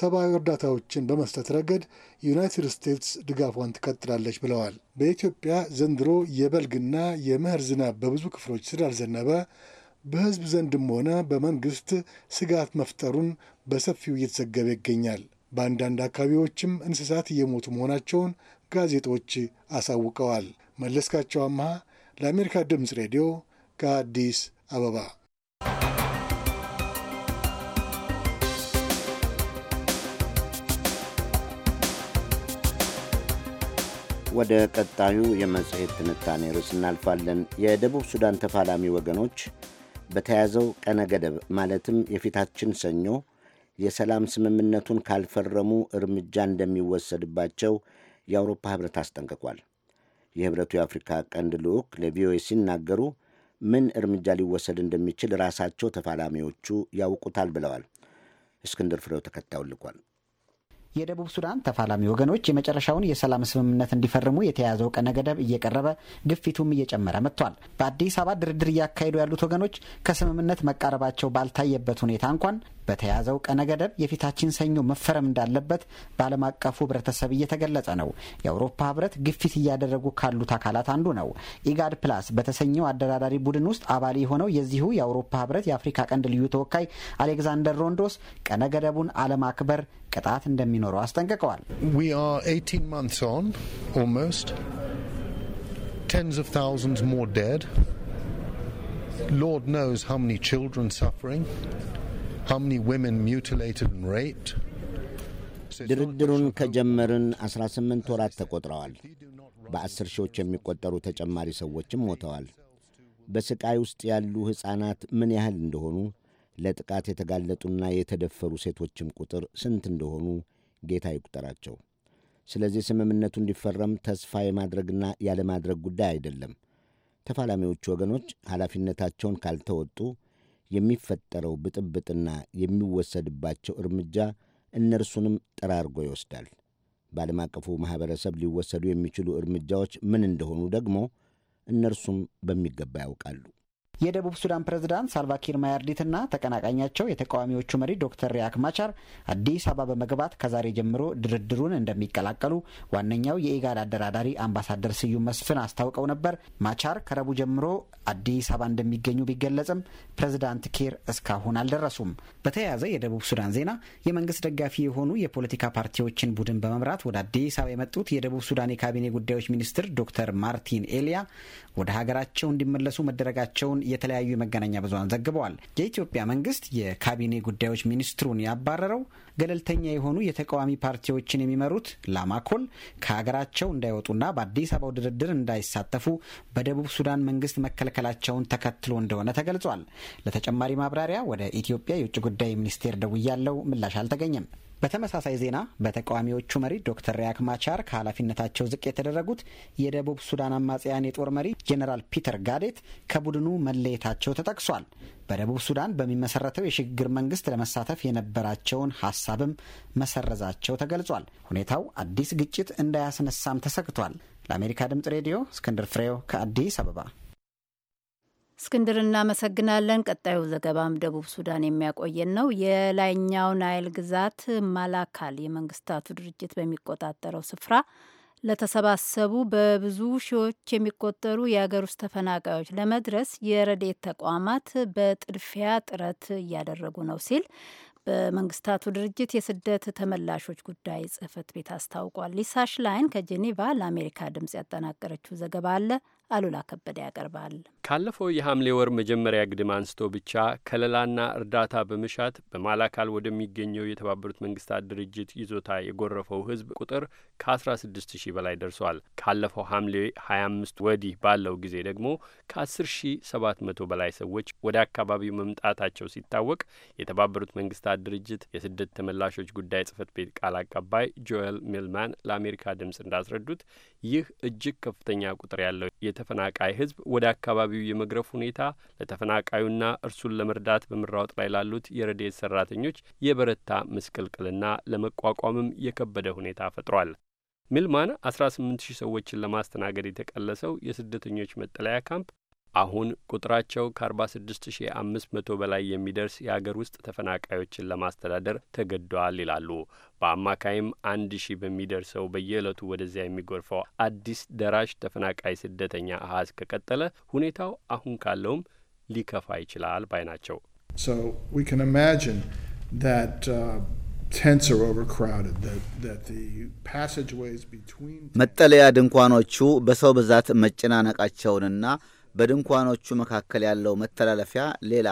ሰብአዊ እርዳታዎችን በመስጠት ረገድ ዩናይትድ ስቴትስ ድጋፏን ትቀጥላለች ብለዋል። በኢትዮጵያ ዘንድሮ የበልግና የምህር ዝናብ በብዙ ክፍሎች ስላልዘነበ በህዝብ ዘንድም ሆነ በመንግስት ስጋት መፍጠሩን በሰፊው እየተዘገበ ይገኛል። በአንዳንድ አካባቢዎችም እንስሳት እየሞቱ መሆናቸውን ጋዜጦች አሳውቀዋል። መለስካቸው አምሃ ለአሜሪካ ድምፅ ሬዲዮ ከአዲስ አበባ ወደ ቀጣዩ የመጽሔት ትንታኔ ርዕስ እናልፋለን። የደቡብ ሱዳን ተፋላሚ ወገኖች በተያዘው ቀነ ገደብ ማለትም የፊታችን ሰኞ የሰላም ስምምነቱን ካልፈረሙ እርምጃ እንደሚወሰድባቸው የአውሮፓ ሕብረት አስጠንቅቋል። የህብረቱ የአፍሪካ ቀንድ ልዑክ ለቪኦኤ ሲናገሩ ምን እርምጃ ሊወሰድ እንደሚችል ራሳቸው ተፋላሚዎቹ ያውቁታል ብለዋል። እስክንድር ፍሬው ተከታዩን ልኳል። የደቡብ ሱዳን ተፋላሚ ወገኖች የመጨረሻውን የሰላም ስምምነት እንዲፈርሙ የተያዘው ቀነ ገደብ እየቀረበ ግፊቱም እየጨመረ መጥቷል። በአዲስ አበባ ድርድር እያካሄዱ ያሉት ወገኖች ከስምምነት መቃረባቸው ባልታየበት ሁኔታ እንኳን በተያዘው ቀነ ገደብ የፊታችን ሰኞ መፈረም እንዳለበት በዓለም አቀፉ ህብረተሰብ እየተገለጸ ነው። የአውሮፓ ህብረት ግፊት እያደረጉ ካሉት አካላት አንዱ ነው። ኢጋድ ፕላስ በተሰኘው አደራዳሪ ቡድን ውስጥ አባል የሆነው የዚሁ የአውሮፓ ህብረት የአፍሪካ ቀንድ ልዩ ተወካይ አሌክዛንደር ሮንዶስ ቀነ ገደቡን አለማክበር ቅጣት እንደሚኖረው አስጠንቅቀዋል። tens of thousands more dead. Lord knows how many children suffering. ድርድሩን ከጀመርን 18 ወራት ተቆጥረዋል። በአስር ሺዎች የሚቆጠሩ ተጨማሪ ሰዎችም ሞተዋል። በሥቃይ ውስጥ ያሉ ሕፃናት ምን ያህል እንደሆኑ፣ ለጥቃት የተጋለጡና የተደፈሩ ሴቶችም ቁጥር ስንት እንደሆኑ ጌታ ይቁጠራቸው። ስለዚህ ስምምነቱ እንዲፈረም ተስፋ የማድረግና ያለማድረግ ጉዳይ አይደለም። ተፋላሚዎቹ ወገኖች ኃላፊነታቸውን ካልተወጡ የሚፈጠረው ብጥብጥና የሚወሰድባቸው እርምጃ እነርሱንም ጠራርጎ ይወስዳል። በዓለም አቀፉ ማኅበረሰብ ሊወሰዱ የሚችሉ እርምጃዎች ምን እንደሆኑ ደግሞ እነርሱም በሚገባ ያውቃሉ። የደቡብ ሱዳን ፕሬዝዳንት ሳልቫኪር ማያርዲትና ተቀናቃኛቸው የተቃዋሚዎቹ መሪ ዶክተር ሪያክ ማቻር አዲስ አበባ በመግባት ከዛሬ ጀምሮ ድርድሩን እንደሚቀላቀሉ ዋነኛው የኢጋድ አደራዳሪ አምባሳደር ስዩም መስፍን አስታውቀው ነበር። ማቻር ከረቡ ጀምሮ አዲስ አበባ እንደሚገኙ ቢገለጽም ፕሬዝዳንት ኪር እስካሁን አልደረሱም። በተያያዘ የደቡብ ሱዳን ዜና የመንግስት ደጋፊ የሆኑ የፖለቲካ ፓርቲዎችን ቡድን በመምራት ወደ አዲስ አበባ የመጡት የደቡብ ሱዳን የካቢኔ ጉዳዮች ሚኒስትር ዶክተር ማርቲን ኤሊያ ወደ ሀገራቸው እንዲመለሱ መደረጋቸውን የተለያዩ የመገናኛ ብዙሀን ዘግበዋል። የኢትዮጵያ መንግስት የካቢኔ ጉዳዮች ሚኒስትሩን ያባረረው ገለልተኛ የሆኑ የተቃዋሚ ፓርቲዎችን የሚመሩት ላማኮል ከሀገራቸው እንዳይወጡና በአዲስ አበባው ድርድር እንዳይሳተፉ በደቡብ ሱዳን መንግስት መከልከላቸውን ተከትሎ እንደሆነ ተገልጿል። ለተጨማሪ ማብራሪያ ወደ ኢትዮጵያ የውጭ ጉዳይ ሚኒስቴር ደውያለው፣ ምላሽ አልተገኘም። በተመሳሳይ ዜና በተቃዋሚዎቹ መሪ ዶክተር ሪያክ ማቻር ከኃላፊነታቸው ዝቅ የተደረጉት የደቡብ ሱዳን አማጽያን የጦር መሪ ጄኔራል ፒተር ጋዴት ከቡድኑ መለየታቸው ተጠቅሷል። በደቡብ ሱዳን በሚመሰረተው የሽግግር መንግስት ለመሳተፍ የነበራቸውን ሀሳብም መሰረዛቸው ተገልጿል። ሁኔታው አዲስ ግጭት እንዳያስነሳም ተሰግቷል። ለአሜሪካ ድምጽ ሬዲዮ እስክንድር ፍሬው ከአዲስ አበባ እስክንድር እናመሰግናለን። ቀጣዩ ዘገባም ደቡብ ሱዳን የሚያቆየን ነው። የላይኛው ናይል ግዛት ማላካል የመንግስታቱ ድርጅት በሚቆጣጠረው ስፍራ ለተሰባሰቡ በብዙ ሺዎች የሚቆጠሩ የሀገር ውስጥ ተፈናቃዮች ለመድረስ የረዴት ተቋማት በጥድፊያ ጥረት እያደረጉ ነው ሲል በመንግስታቱ ድርጅት የስደት ተመላሾች ጉዳይ ጽህፈት ቤት አስታውቋል። ሊሳ ሽላይን ከጄኔቫ ለአሜሪካ ድምጽ ያጠናቀረችው ዘገባ አለ አሉላ ከበደ ያቀርባል። ካለፈው የሐምሌ ወር መጀመሪያ ግድም አንስቶ ብቻ ከለላና እርዳታ በመሻት በማላካል ወደሚገኘው የተባበሩት መንግስታት ድርጅት ይዞታ የጎረፈው ህዝብ ቁጥር ከ16 ሺህ በላይ ደርሷል። ካለፈው ሐምሌ 25 ወዲህ ባለው ጊዜ ደግሞ ከ10700 በላይ ሰዎች ወደ አካባቢው መምጣታቸው ሲታወቅ የተባበሩት መንግስታት ድርጅት የስደት ተመላሾች ጉዳይ ጽህፈት ቤት ቃል አቀባይ ጆኤል ሚልማን ለአሜሪካ ድምፅ እንዳስረዱት ይህ እጅግ ከፍተኛ ቁጥር ያለው የተፈናቃይ ህዝብ ወደ አካባቢው የመግረፍ ሁኔታ ለተፈናቃዩና እርሱን ለመርዳት በመራወጥ ላይ ላሉት የረድኤት ሰራተኞች የበረታ ምስቅልቅልና ለመቋቋምም የከበደ ሁኔታ ፈጥሯል። ሚልማን 18 ሺህ ሰዎችን ለማስተናገድ የተቀለሰው የስደተኞች መጠለያ ካምፕ አሁን ቁጥራቸው ከ46500 በላይ የሚደርስ የአገር ውስጥ ተፈናቃዮችን ለማስተዳደር ተገደዋል ይላሉ። በአማካይም አንድ ሺህ በሚደርሰው በየዕለቱ ወደዚያ የሚጎርፈው አዲስ ደራሽ ተፈናቃይ ስደተኛ አሀዝ ከቀጠለ ሁኔታው አሁን ካለውም ሊከፋ ይችላል ባይ ናቸው። tents are overcrowded, that, that the passageways between... መጠለያ ድንኳኖቹ በሰው ብዛት መጨናነቃቸውንና በድንኳኖቹ መካከል ያለው መተላለፊያ ሌላ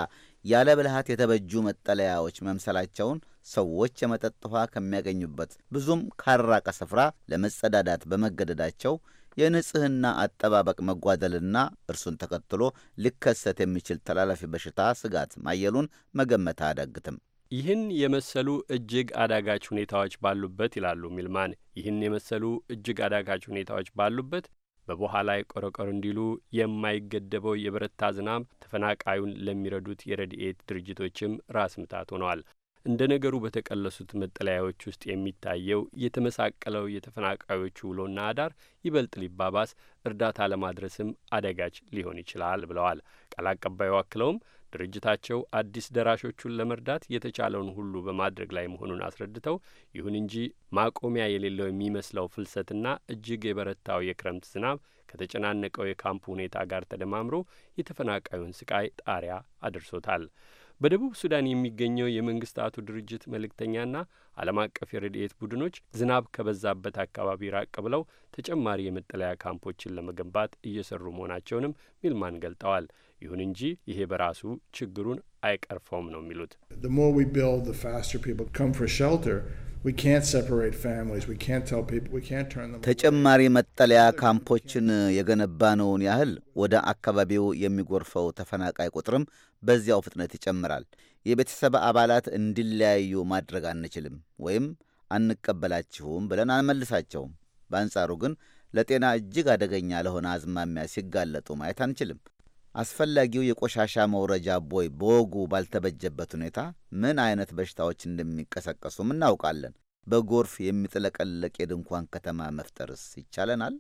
ያለ ብልሃት የተበጁ መጠለያዎች መምሰላቸውን ሰዎች የመጠጥ ውሃ ከሚያገኙበት ብዙም ካራቀ ስፍራ ለመጸዳዳት በመገደዳቸው የንጽህና አጠባበቅ መጓደልና እርሱን ተከትሎ ሊከሰት የሚችል ተላላፊ በሽታ ስጋት ማየሉን መገመት አያዳግትም። ይህን የመሰሉ እጅግ አዳጋች ሁኔታዎች ባሉበት ይላሉ ሚልማን፣ ይህን የመሰሉ እጅግ አዳጋች ሁኔታዎች ባሉበት በቦሃ ቆረቆር እንዲሉ የማይገደበው የበረታ ዝናብ ተፈናቃዩን ለሚረዱት የረድኤት ድርጅቶችም ራስ ምታት ሆነዋል። እንደ ነገሩ በተቀለሱት መጠለያዎች ውስጥ የሚታየው የተመሳቀለው የተፈናቃዮቹ ውሎና አዳር ይበልጥ ሊባባስ፣ እርዳታ ለማድረስም አደጋች ሊሆን ይችላል ብለዋል። ቃል አቀባዩ አክለውም ድርጅታቸው አዲስ ደራሾቹን ለመርዳት የተቻለውን ሁሉ በማድረግ ላይ መሆኑን አስረድተው፣ ይሁን እንጂ ማቆሚያ የሌለው የሚመስለው ፍልሰትና እጅግ የበረታው የክረምት ዝናብ ከተጨናነቀው የካምፕ ሁኔታ ጋር ተደማምሮ የተፈናቃዩን ስቃይ ጣሪያ አድርሶታል። በደቡብ ሱዳን የሚገኘው የመንግስታቱ ድርጅት መልእክተኛና ዓለም አቀፍ የረድኤት ቡድኖች ዝናብ ከበዛበት አካባቢ ራቅ ብለው ተጨማሪ የመጠለያ ካምፖችን ለመገንባት እየሰሩ መሆናቸውንም ሚልማን ገልጠዋል። ይሁን እንጂ ይሄ በራሱ ችግሩን አይቀርፈውም ነው የሚሉት። ተጨማሪ መጠለያ ካምፖችን የገነባነውን ያህል ወደ አካባቢው የሚጎርፈው ተፈናቃይ ቁጥርም በዚያው ፍጥነት ይጨምራል። የቤተሰብ አባላት እንዲለያዩ ማድረግ አንችልም ወይም አንቀበላችሁም ብለን አንመልሳቸውም። በአንጻሩ ግን ለጤና እጅግ አደገኛ ለሆነ አዝማሚያ ሲጋለጡ ማየት አንችልም። አስፈላጊው የቆሻሻ መውረጃ ቦይ በወጉ ባልተበጀበት ሁኔታ ምን አይነት በሽታዎች እንደሚቀሰቀሱም እናውቃለን። በጎርፍ የሚጥለቀለቅ የድንኳን ከተማ መፍጠርስ ይቻለናል?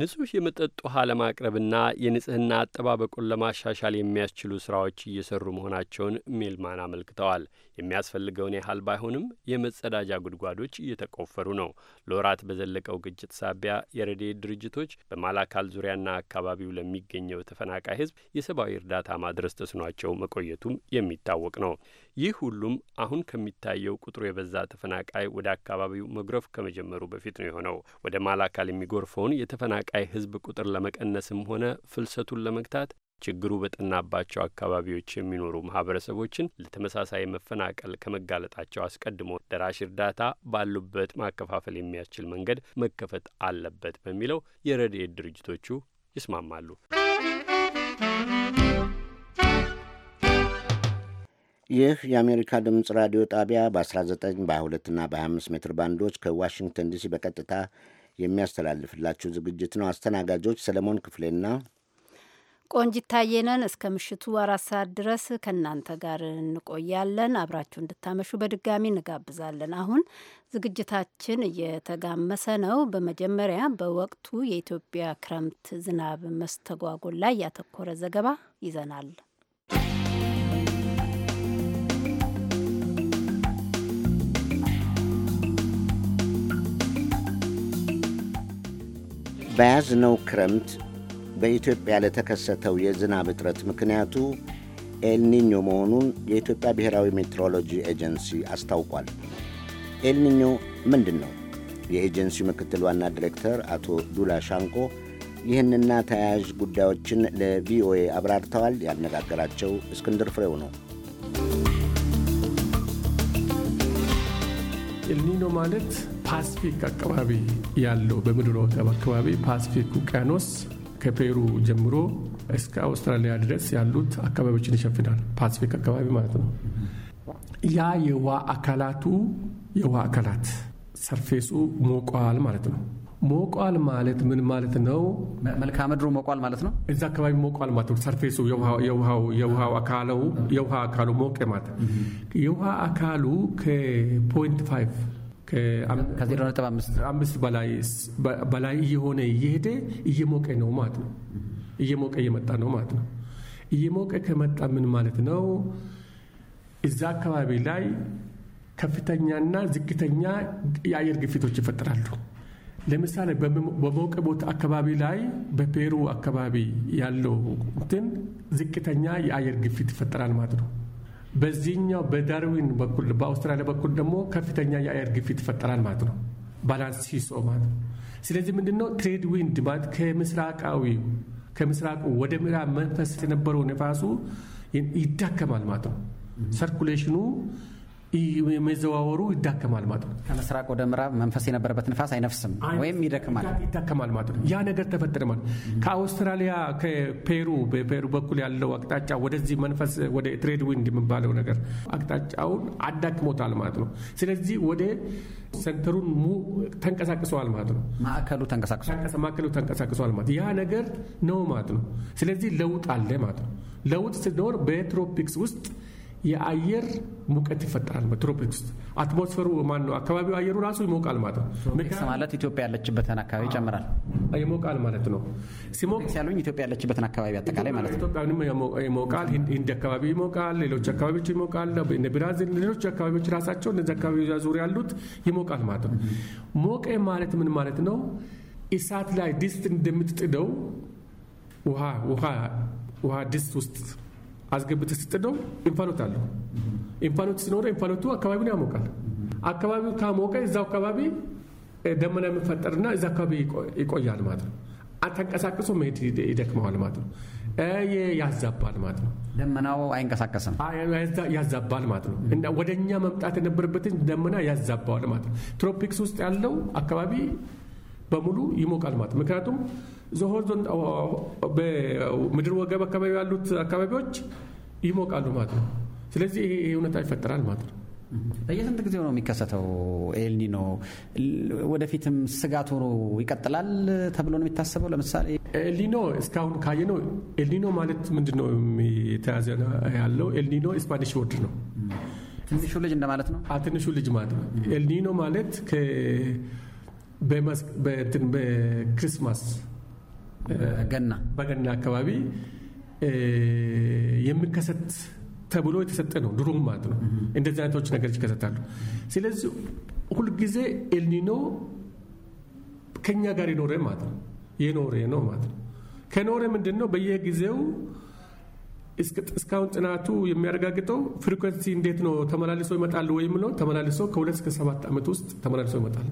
ንጹሕ የመጠጥ ውሃ ለማቅረብና የንጽህና አጠባበቁን ለማሻሻል የሚያስችሉ ስራዎች እየሰሩ መሆናቸውን ሜልማን አመልክተዋል። የሚያስፈልገውን ያህል ባይሆንም የመጸዳጃ ጉድጓዶች እየተቆፈሩ ነው። ለወራት በዘለቀው ግጭት ሳቢያ የረድኤት ድርጅቶች በማላካል ዙሪያና አካባቢው ለሚገኘው ተፈናቃይ ሕዝብ የሰብአዊ እርዳታ ማድረስ ተስኗቸው መቆየቱም የሚታወቅ ነው። ይህ ሁሉም አሁን ከሚታየው ቁጥሩ የበዛ ተፈናቃይ ወደ አካባቢው መጉረፍ ከመጀመሩ በፊት ነው የሆነው። ወደ ማላካል የሚጎርፈውን የተፈናቃይ ሕዝብ ቁጥር ለመቀነስም ሆነ ፍልሰቱን ለመግታት ችግሩ በጠናባቸው አካባቢዎች የሚኖሩ ማህበረሰቦችን ለተመሳሳይ መፈናቀል ከመጋለጣቸው አስቀድሞ ደራሽ እርዳታ ባሉበት ማከፋፈል የሚያስችል መንገድ መከፈት አለበት በሚለው የረድኤት ድርጅቶቹ ይስማማሉ። ይህ የአሜሪካ ድምፅ ራዲዮ ጣቢያ በ19 በ22ና በ25 ሜትር ባንዶች ከዋሽንግተን ዲሲ በቀጥታ የሚያስተላልፍላችሁ ዝግጅት ነው። አስተናጋጆች ሰለሞን ክፍሌና ቆንጂት ታየ እስከ ምሽቱ አራት ሰዓት ድረስ ከእናንተ ጋር እንቆያለን። አብራችሁ እንድታመሹ በድጋሚ እንጋብዛለን። አሁን ዝግጅታችን እየተጋመሰ ነው። በመጀመሪያ በወቅቱ የኢትዮጵያ ክረምት ዝናብ መስተጓጎል ላይ ያተኮረ ዘገባ ይዘናል። በያዝነው ክረምት በኢትዮጵያ ለተከሰተው የዝናብ እጥረት ምክንያቱ ኤልኒኞ መሆኑን የኢትዮጵያ ብሔራዊ ሜትሮሎጂ ኤጀንሲ አስታውቋል። ኤልኒኞ ምንድን ነው? የኤጀንሲው ምክትል ዋና ዲሬክተር አቶ ዱላ ሻንቆ ይህንና ተያያዥ ጉዳዮችን ለቪኦኤ አብራርተዋል። ያነጋገራቸው እስክንድር ፍሬው ነው። ኤልኒኖ ማለት ፓስፊክ አካባቢ ያለው በምድር ወገብ አካባቢ ፓስፊክ ውቅያኖስ ከፔሩ ጀምሮ እስከ አውስትራሊያ ድረስ ያሉት አካባቢዎችን ይሸፍናል። ፓስፊክ አካባቢ ማለት ነው። ያ የውሃ አካላቱ የውሃ አካላት ሰርፌሱ ሞቋል ማለት ነው። ሞቋል ማለት ምን ማለት ነው? መልክዓ ምድሩ ሞቋል ማለት ነው። እዛ አካባቢ ሞቋል ማለት ነው። ሰርፌሱ የውሃው አካሉ ሞቀ ማለት የውሃ አካሉ ከፖይንት ፋይቭ ከአምስት በላይ እየሆነ እየሄደ እየሞቀ ነው ማለት ነው። እየሞቀ እየመጣ ነው ማለት ነው። እየሞቀ ከመጣ ምን ማለት ነው? እዛ አካባቢ ላይ ከፍተኛና ዝቅተኛ የአየር ግፊቶች ይፈጠራሉ። ለምሳሌ በሞቀ ቦታ አካባቢ ላይ በፔሩ አካባቢ ያለው እንትን ዝቅተኛ የአየር ግፊት ይፈጠራል ማለት ነው። በዚህኛው በዳርዊን በኩል በአውስትራሊያ በኩል ደግሞ ከፍተኛ የአየር ግፊት ይፈጠራል ማለት ነው። ባላንስ ሲሶ ማለት ነው። ስለዚህ ምንድነው ትሬድ ዊንድ ማለት ከምስራቃዊ ከምስራቁ ወደ ምዕራብ መንፈስ የነበረው ነፋሱ ይዳከማል ማለት ነው። ሰርኩሌሽኑ መዘዋወሩ ይዳከማል ማለት ነው። ከምስራቅ ወደ ምዕራብ መንፈስ የነበረበት ንፋስ አይነፍስም ወይም ይደክማል ይዳከማል ማለት ነው። ያ ነገር ተፈጠረ ማለት ነው። ከአውስትራሊያ ከፔሩ በፔሩ በኩል ያለው አቅጣጫ ወደዚህ መንፈስ ወደ ትሬድ ዊንድ የሚባለው ነገር አቅጣጫውን አዳክሞታል ማለት ነው። ስለዚህ ወደ ሰንተሩን ሙ ተንቀሳቅሰዋል ማለት ነው። ማዕከሉ ተንቀሳቅሷል፣ ማዕከሉ ተንቀሳቅሷል ማለት ያ ነገር ነው ማለት ነው። ስለዚህ ለውጥ አለ ማለት ነው። ለውጥ ሲኖር በትሮፒክስ ውስጥ የአየር ሙቀት ይፈጠራል። በትሮፒክ ውስጥ አትሞስፌሩ ማን ነው አካባቢው አየሩ ራሱ ይሞቃል ማለት ነው። ማለት ኢትዮጵያ ያለችበትን አካባቢ ይጨምራል ይሞቃል ማለት ነው። ሲሞቅ ያሉኝ ኢትዮጵያ ያለችበትን አካባቢ አጠቃላይ ማለት ነው። ኢትዮጵያንም ይሞቃል፣ ህንድ አካባቢ ይሞቃል፣ ሌሎች አካባቢዎች ይሞቃል፣ ብራዚል፣ ሌሎች አካባቢዎች ራሳቸው እነዚህ አካባቢ ዙሪያ ያሉት ይሞቃል ማለት ነው። ሞቀ ማለት ምን ማለት ነው? እሳት ላይ ድስት እንደምትጥደው ውሃ ውሃ ድስት ውስጥ አስገብተህ ነው ኢምፓሎት አለው። ኢምፓሎት ሲኖረ ኢምፓሎቱ አካባቢውን ያሞቃል። አካባቢው ካሞቀ እዛው አካባቢ ደመና የሚፈጠርና እዛ አካባቢ ይቆያል ማለት ነው። ተንቀሳቅሶ መሄድ ይደክመዋል ማለት ነው። ያዛባል ማለት ነው። ደመናው አይንቀሳቀስም፣ ያዛባል ማለት ነው። ወደ እኛ መምጣት የነበረበትን ደመና ያዛባዋል ማለት ነው። ትሮፒክስ ውስጥ ያለው አካባቢ በሙሉ ይሞቃል ማለት ነው። ምክንያቱም ዞሆዞን በምድር ወገብ አካባቢ ያሉት አካባቢዎች ይሞቃሉ ማለት ነው። ስለዚህ ይሄ እውነታ ይፈጠራል ማለት ነው። በየስንት ጊዜው ነው የሚከሰተው ኤልኒኖ? ወደፊትም ስጋቱ ይቀጥላል ተብሎ ነው የሚታሰበው? ለምሳሌ ኤልኒኖ እስካሁን ካየነው ኤልኒኖ ማለት ምንድን ነው የተያዘ ያለው? ኤልኒኖ ስፓኒሽ ወርድ ነው። ትንሹ ልጅ እንደማለት ነው። ትንሹ ልጅ ማለት ነው። ኤልኒኖ ማለት በክርስማስ በገና በገና አካባቢ የሚከሰት ተብሎ የተሰጠ ነው። ድሮም ማለት ነው እንደዚህ አይነቶች ነገሮች ይከሰታሉ። ስለዚህ ሁልጊዜ ኤልኒኖ ከኛ ጋር የኖረ ማለት ነው የኖረ ነው ማለት ነው። ከኖረ ምንድን ነው በየጊዜው እስካሁን ጥናቱ የሚያረጋግጠው ፍሪኮንሲ እንዴት ነው ተመላልሶ ይመጣል ወይም ነው ተመላልሶ ከሁለት እስከ ሰባት ዓመት ውስጥ ተመላልሶ ይመጣል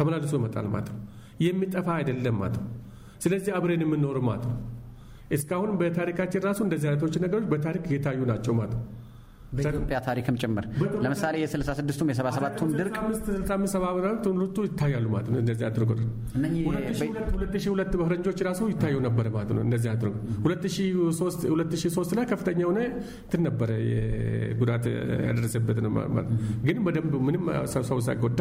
ተመላልሶ ይመጣል ማለት ነው። የሚጠፋ አይደለም ማለት ነው። ስለዚህ አብረን የምንኖር ማለት ነው። እስካሁን በታሪካችን ራሱ እንደዚህ አይነቶች ነገሮች በታሪክ እየታዩ ናቸው ማለት ነው። በኢትዮጵያ ታሪክም ጭምር ለምሳሌ የ66ቱም የ 77 ድርቅ ሁለቱ ይታያሉ ማለት ነው። እነዚህ አድርጎ ሁለት ሺህ ሁለት በፈረንጆች ራሱ ይታዩ ነበረ ማለት ነው። እነዚህ አድርጎ ሁለት ሺህ ሶስት ላይ ከፍተኛ የሆነ እንትን ነበረ ጉዳት ያደረሰበት ነው። ግን በደንብ ምንም ሰው ሳይጎዳ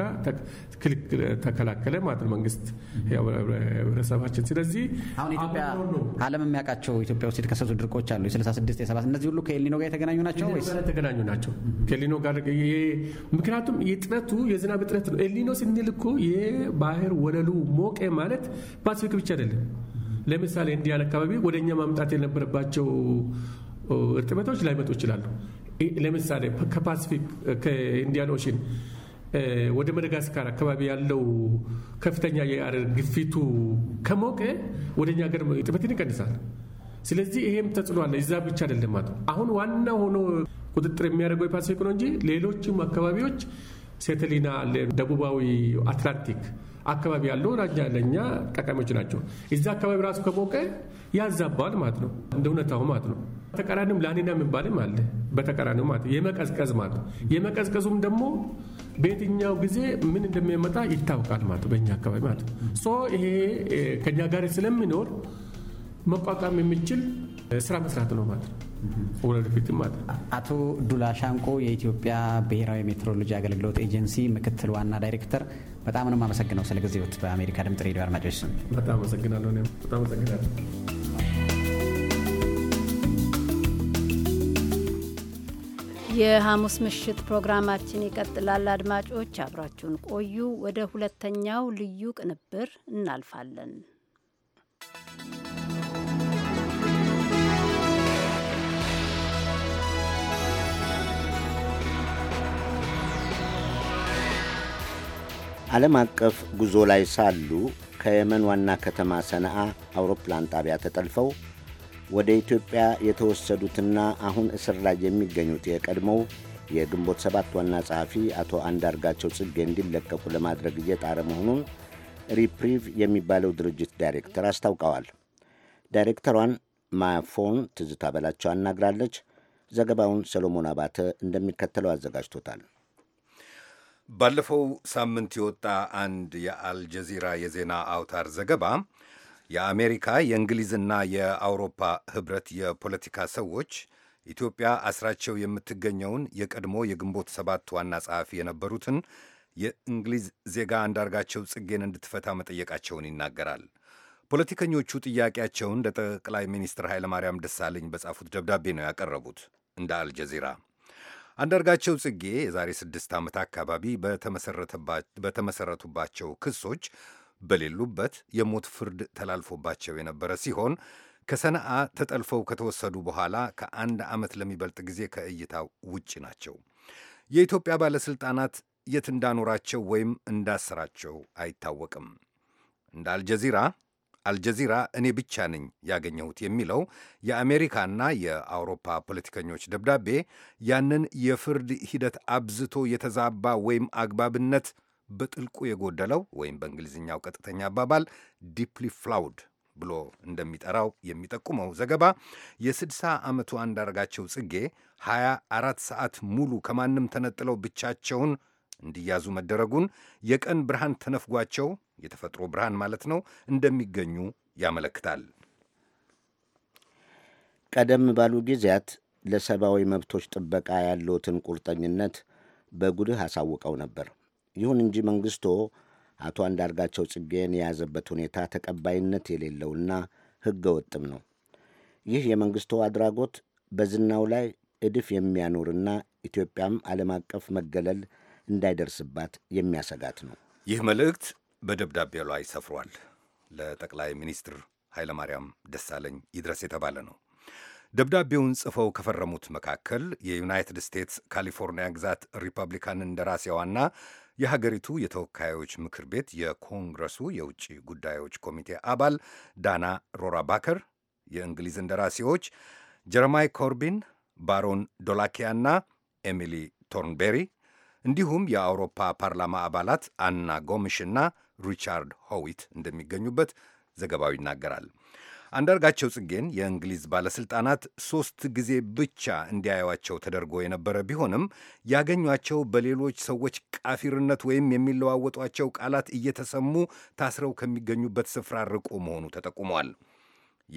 ተከላከለ ማለት ነው መንግስት ህብረተሰባችን። ስለዚህ አሁን ኢትዮጵያ ዓለም የሚያውቃቸው ኢትዮጵያ ውስጥ የተከሰቱ ድርቆች አሉ የ66 እነዚህ ሁሉ ከኤልኒኖ ጋር የተገናኙ ናቸው ወይስ የተገናኙ ናቸው ከሊኖ ጋር። ምክንያቱም የጥረቱ የዝናብ እጥረት ነው። ኤሊኖ ስንል እኮ የባህር ወለሉ ሞቀ ማለት ፓስፊክ ብቻ አይደለም። ለምሳሌ እንዲያን አካባቢ ወደ እኛ ማምጣት የነበረባቸው እርጥበቶች ላይመጡ ይችላሉ። ለምሳሌ ከፓስፊክ ከኢንዲያን ኦሽን ወደ መደጋስካር አካባቢ ያለው ከፍተኛ የአየር ግፊቱ ከሞቀ ወደ እኛ ሀገር እርጥበትን ይቀንሳል። ስለዚህ ይሄም ተጽዕኖ አለ። እዛ ብቻ አይደለም ማለት አሁን ዋና ሆኖ ቁጥጥር የሚያደርገው የፓሲፊክ ነው እንጂ ሌሎችም አካባቢዎች ሴተሊና አለ። ደቡባዊ አትላንቲክ አካባቢ ያለው ራጃ ለእኛ ጠቃሚዎች ናቸው። እዛ አካባቢ ራሱ ከሞቀ ያዛባዋል ማለት ነው፣ እንደ እውነታው ማለት ነው። በተቃራኒም ላኒና የሚባልም አለ። በተቃራኒው ማለት የመቀዝቀዝ ማለት ነው። የመቀዝቀዙም ደግሞ በየትኛው ጊዜ ምን እንደሚመጣ ይታወቃል ማለት ነው፣ በእኛ አካባቢ ማለት ነው። ሶ ይሄ ከእኛ ጋር ስለሚኖር መቋቋም የሚችል ስራ መስራት ነው ማለት ነው። Mm-hmm. አቶ ዱላ ሻንቆ የኢትዮጵያ ብሔራዊ ሜትሮሎጂ አገልግሎት ኤጀንሲ ምክትል ዋና ዳይሬክተር፣ በጣም ነው የማመሰግነው ስለ ጊዜዎት። በአሜሪካ ድምጽ ሬዲዮ አድማጮች ስም በጣም አመሰግናለሁ። በጣም አመሰግናለሁ። የሐሙስ ምሽት ፕሮግራማችን ይቀጥላል። አድማጮች አብራችሁን ቆዩ። ወደ ሁለተኛው ልዩ ቅንብር እናልፋለን። ዓለም አቀፍ ጉዞ ላይ ሳሉ ከየመን ዋና ከተማ ሰነአ አውሮፕላን ጣቢያ ተጠልፈው ወደ ኢትዮጵያ የተወሰዱትና አሁን እስር ላይ የሚገኙት የቀድሞው የግንቦት ሰባት ዋና ጸሐፊ አቶ አንዳርጋቸው ጽጌ እንዲለቀቁ ለማድረግ እየጣረ መሆኑን ሪፕሪቭ የሚባለው ድርጅት ዳይሬክተር አስታውቀዋል። ዳይሬክተሯን ማፎን ትዝታ በላቸው አናግራለች። ዘገባውን ሰሎሞን አባተ እንደሚከተለው አዘጋጅቶታል። ባለፈው ሳምንት የወጣ አንድ የአልጀዚራ የዜና አውታር ዘገባ የአሜሪካ የእንግሊዝና የአውሮፓ ህብረት የፖለቲካ ሰዎች ኢትዮጵያ አስራቸው የምትገኘውን የቀድሞ የግንቦት ሰባት ዋና ጸሐፊ የነበሩትን የእንግሊዝ ዜጋ አንዳርጋቸው ጽጌን እንድትፈታ መጠየቃቸውን ይናገራል። ፖለቲከኞቹ ጥያቄያቸውን ለጠቅላይ ሚኒስትር ኃይለማርያም ደሳለኝ በጻፉት ደብዳቤ ነው ያቀረቡት። እንደ አልጀዚራ አንዳርጋቸው ጽጌ የዛሬ ስድስት ዓመት አካባቢ በተመሠረቱባቸው ክሶች በሌሉበት የሞት ፍርድ ተላልፎባቸው የነበረ ሲሆን ከሰነአ ተጠልፈው ከተወሰዱ በኋላ ከአንድ ዓመት ለሚበልጥ ጊዜ ከእይታ ውጭ ናቸው። የኢትዮጵያ ባለሥልጣናት የት እንዳኖራቸው ወይም እንዳሰራቸው አይታወቅም። እንደ አልጀዚራ አልጀዚራ እኔ ብቻ ነኝ ያገኘሁት የሚለው የአሜሪካና የአውሮፓ ፖለቲከኞች ደብዳቤ ያንን የፍርድ ሂደት አብዝቶ የተዛባ ወይም አግባብነት በጥልቁ የጎደለው ወይም በእንግሊዝኛው ቀጥተኛ አባባል ዲፕሊ ፍላውድ ብሎ እንደሚጠራው የሚጠቁመው ዘገባ የ60 ዓመቱ አንዳርጋቸው ጽጌ 24 ሰዓት ሙሉ ከማንም ተነጥለው ብቻቸውን እንዲያዙ መደረጉን የቀን ብርሃን ተነፍጓቸው የተፈጥሮ ብርሃን ማለት ነው እንደሚገኙ ያመለክታል። ቀደም ባሉ ጊዜያት ለሰብአዊ መብቶች ጥበቃ ያለውትን ቁርጠኝነት በጉልህ አሳውቀው ነበር። ይሁን እንጂ መንግሥቶ አቶ አንዳርጋቸው ጽጌን የያዘበት ሁኔታ ተቀባይነት የሌለውና ሕገ ወጥም ነው። ይህ የመንግሥቶ አድራጎት በዝናው ላይ እድፍ የሚያኖርና ኢትዮጵያም ዓለም አቀፍ መገለል እንዳይደርስባት የሚያሰጋት ነው። ይህ መልእክት በደብዳቤው ላይ ሰፍሯል። ለጠቅላይ ሚኒስትር ኃይለማርያም ደሳለኝ ይድረስ የተባለ ነው። ደብዳቤውን ጽፈው ከፈረሙት መካከል የዩናይትድ ስቴትስ ካሊፎርኒያ ግዛት ሪፐብሊካን እንደራሴዋና የሀገሪቱ የተወካዮች ምክር ቤት የኮንግረሱ የውጭ ጉዳዮች ኮሚቴ አባል ዳና ሮራ ባከር፣ የእንግሊዝ እንደራሴዎች ጀረማይ ኮርቢን፣ ባሮን ዶላኪያና ኤሚሊ ቶርንቤሪ እንዲሁም የአውሮፓ ፓርላማ አባላት አና ጎምሽና ሪቻርድ ሆዊት እንደሚገኙበት ዘገባው ይናገራል። አንዳርጋቸው ጽጌን የእንግሊዝ ባለሥልጣናት ሦስት ጊዜ ብቻ እንዲያዩቸው ተደርጎ የነበረ ቢሆንም ያገኟቸው በሌሎች ሰዎች ቃፊርነት ወይም የሚለዋወጧቸው ቃላት እየተሰሙ ታስረው ከሚገኙበት ስፍራ ርቆ መሆኑ ተጠቁመዋል።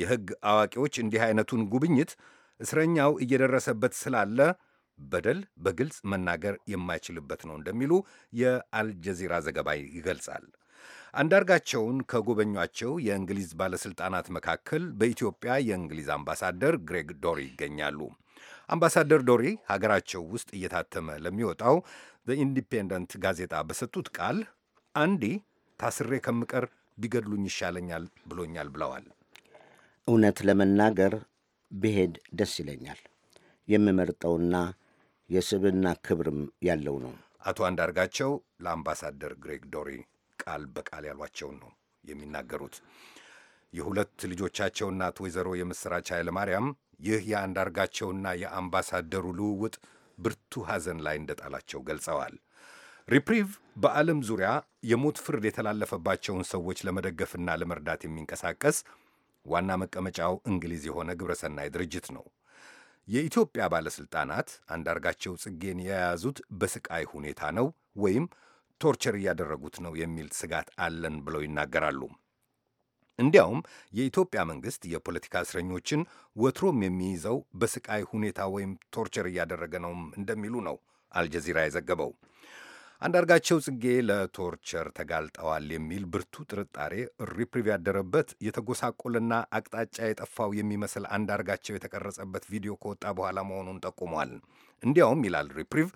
የሕግ አዋቂዎች እንዲህ አይነቱን ጉብኝት እስረኛው እየደረሰበት ስላለ በደል በግልጽ መናገር የማይችልበት ነው እንደሚሉ የአልጀዚራ ዘገባ ይገልጻል። አንዳርጋቸውን ከጎበኟቸው የእንግሊዝ ባለሥልጣናት መካከል በኢትዮጵያ የእንግሊዝ አምባሳደር ግሬግ ዶሪ ይገኛሉ። አምባሳደር ዶሪ ሀገራቸው ውስጥ እየታተመ ለሚወጣው በኢንዲፔንደንት ጋዜጣ በሰጡት ቃል አንዲ ታስሬ ከምቀር ቢገድሉኝ ይሻለኛል ብሎኛል ብለዋል። እውነት ለመናገር ብሄድ ደስ ይለኛል። የምመርጠውና የስብና ክብርም ያለው ነው። አቶ አንዳርጋቸው ለአምባሳደር ግሬግ ዶሪ ቃል በቃል ያሏቸውን ነው የሚናገሩት። የሁለት ልጆቻቸው እናት ወይዘሮ የምሥራች ማርያም ይህ የአንዳርጋቸውና የአምባሳደሩ ልውውጥ ብርቱ ሐዘን ላይ እንደጣላቸው ገልጸዋል። ሪፕሪቭ በዓለም ዙሪያ የሞት ፍርድ የተላለፈባቸውን ሰዎች ለመደገፍና ለመርዳት የሚንቀሳቀስ ዋና መቀመጫው እንግሊዝ የሆነ ግብረሰናይ ድርጅት ነው። የኢትዮጵያ ባለሥልጣናት አንዳርጋቸው ጽጌን የያዙት በስቃይ ሁኔታ ነው ወይም ቶርቸር እያደረጉት ነው የሚል ስጋት አለን ብለው ይናገራሉ። እንዲያውም የኢትዮጵያ መንግስት የፖለቲካ እስረኞችን ወትሮም የሚይዘው በስቃይ ሁኔታ ወይም ቶርቸር እያደረገ ነውም እንደሚሉ ነው አልጀዚራ የዘገበው። አንዳርጋቸው ጽጌ ለቶርቸር ተጋልጠዋል የሚል ብርቱ ጥርጣሬ ሪፕሪቭ ያደረበት የተጎሳቆልና አቅጣጫ የጠፋው የሚመስል አንዳርጋቸው የተቀረጸበት ቪዲዮ ከወጣ በኋላ መሆኑን ጠቁሟል። እንዲያውም ይላል ሪፕሪቭ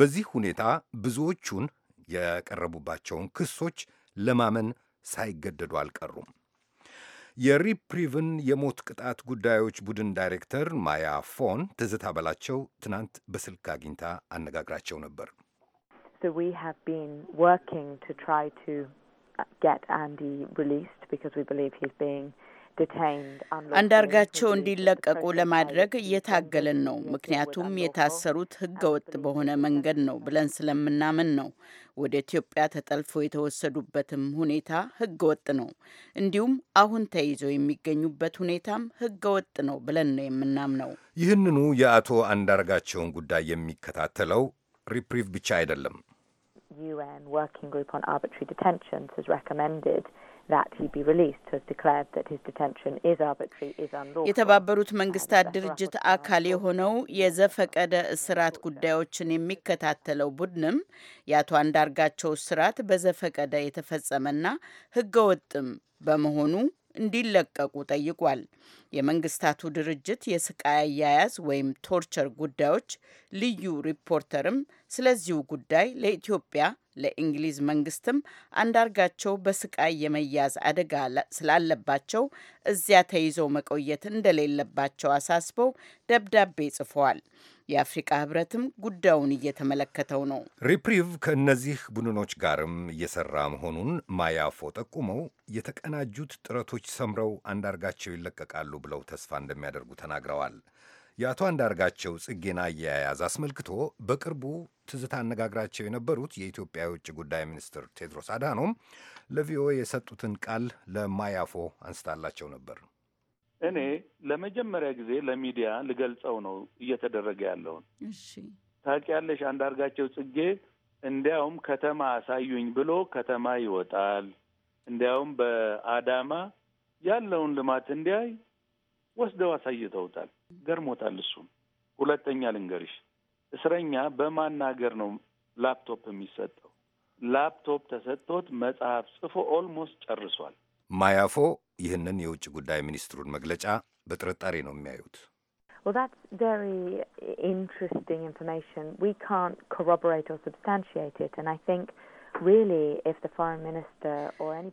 በዚህ ሁኔታ ብዙዎቹን የቀረቡባቸውን ክሶች ለማመን ሳይገደዱ አልቀሩም። የሪፕሪቭን የሞት ቅጣት ጉዳዮች ቡድን ዳይሬክተር ማያ ፎን ትዝታ በላቸው ትናንት በስልክ አግኝታ አነጋግራቸው ነበር። ሪ አንዳርጋቸው እንዲለቀቁ ለማድረግ እየታገልን ነው። ምክንያቱም የታሰሩት ህገወጥ በሆነ መንገድ ነው ብለን ስለምናምን ነው። ወደ ኢትዮጵያ ተጠልፎ የተወሰዱበትም ሁኔታ ወጥ ነው። እንዲሁም አሁን ተይዘው የሚገኙበት ሁኔታም ህገወጥ ነው ብለን ነው የምናምነው። ይህንኑ የአቶ አንዳርጋቸውን ጉዳይ የሚከታተለው ሪፕሪቭ ብቻ አይደለም። የተባበሩት መንግስታት ድርጅት አካል የሆነው የዘፈቀደ እስራት ጉዳዮችን የሚከታተለው ቡድንም የአቶ አንዳርጋቸው እስራት በዘፈቀደ የተፈጸመና ህገወጥም በመሆኑ እንዲለቀቁ ጠይቋል። የመንግስታቱ ድርጅት የስቃይ አያያዝ ወይም ቶርቸር ጉዳዮች ልዩ ሪፖርተርም ስለዚሁ ጉዳይ ለኢትዮጵያ ለእንግሊዝ መንግስትም አንዳርጋቸው በስቃይ የመያዝ አደጋ ስላለባቸው እዚያ ተይዘው መቆየት እንደሌለባቸው አሳስበው ደብዳቤ ጽፈዋል። የአፍሪቃ ህብረትም ጉዳዩን እየተመለከተው ነው። ሪፕሪቭ ከእነዚህ ቡድኖች ጋርም እየሰራ መሆኑን ማያፎ ጠቁመው የተቀናጁት ጥረቶች ሰምረው አንዳርጋቸው ይለቀቃሉ ብለው ተስፋ እንደሚያደርጉ ተናግረዋል። የአቶ አንዳርጋቸው ጽጌና አያያዝ አስመልክቶ በቅርቡ ትዝታ አነጋግራቸው የነበሩት የኢትዮጵያ የውጭ ጉዳይ ሚኒስትር ቴድሮስ አድሃኖም ለቪኦኤ የሰጡትን ቃል ለማያፎ አንስታላቸው ነበር። እኔ ለመጀመሪያ ጊዜ ለሚዲያ ልገልጸው ነው እየተደረገ ያለውን። ታውቂያለሽ፣ አንዳርጋቸው ጽጌ እንዲያውም ከተማ አሳዩኝ ብሎ ከተማ ይወጣል። እንዲያውም በአዳማ ያለውን ልማት እንዲያይ ወስደው አሳይተውታል። ገርሞታል። እሱም ሁለተኛ ልንገርሽ እስረኛ በማናገር ነው ላፕቶፕ የሚሰጠው። ላፕቶፕ ተሰጥቶት መጽሐፍ ጽፎ ኦልሞስት ጨርሷል። ማያፎ ይህንን የውጭ ጉዳይ ሚኒስትሩን መግለጫ በጥርጣሬ ነው የሚያዩት።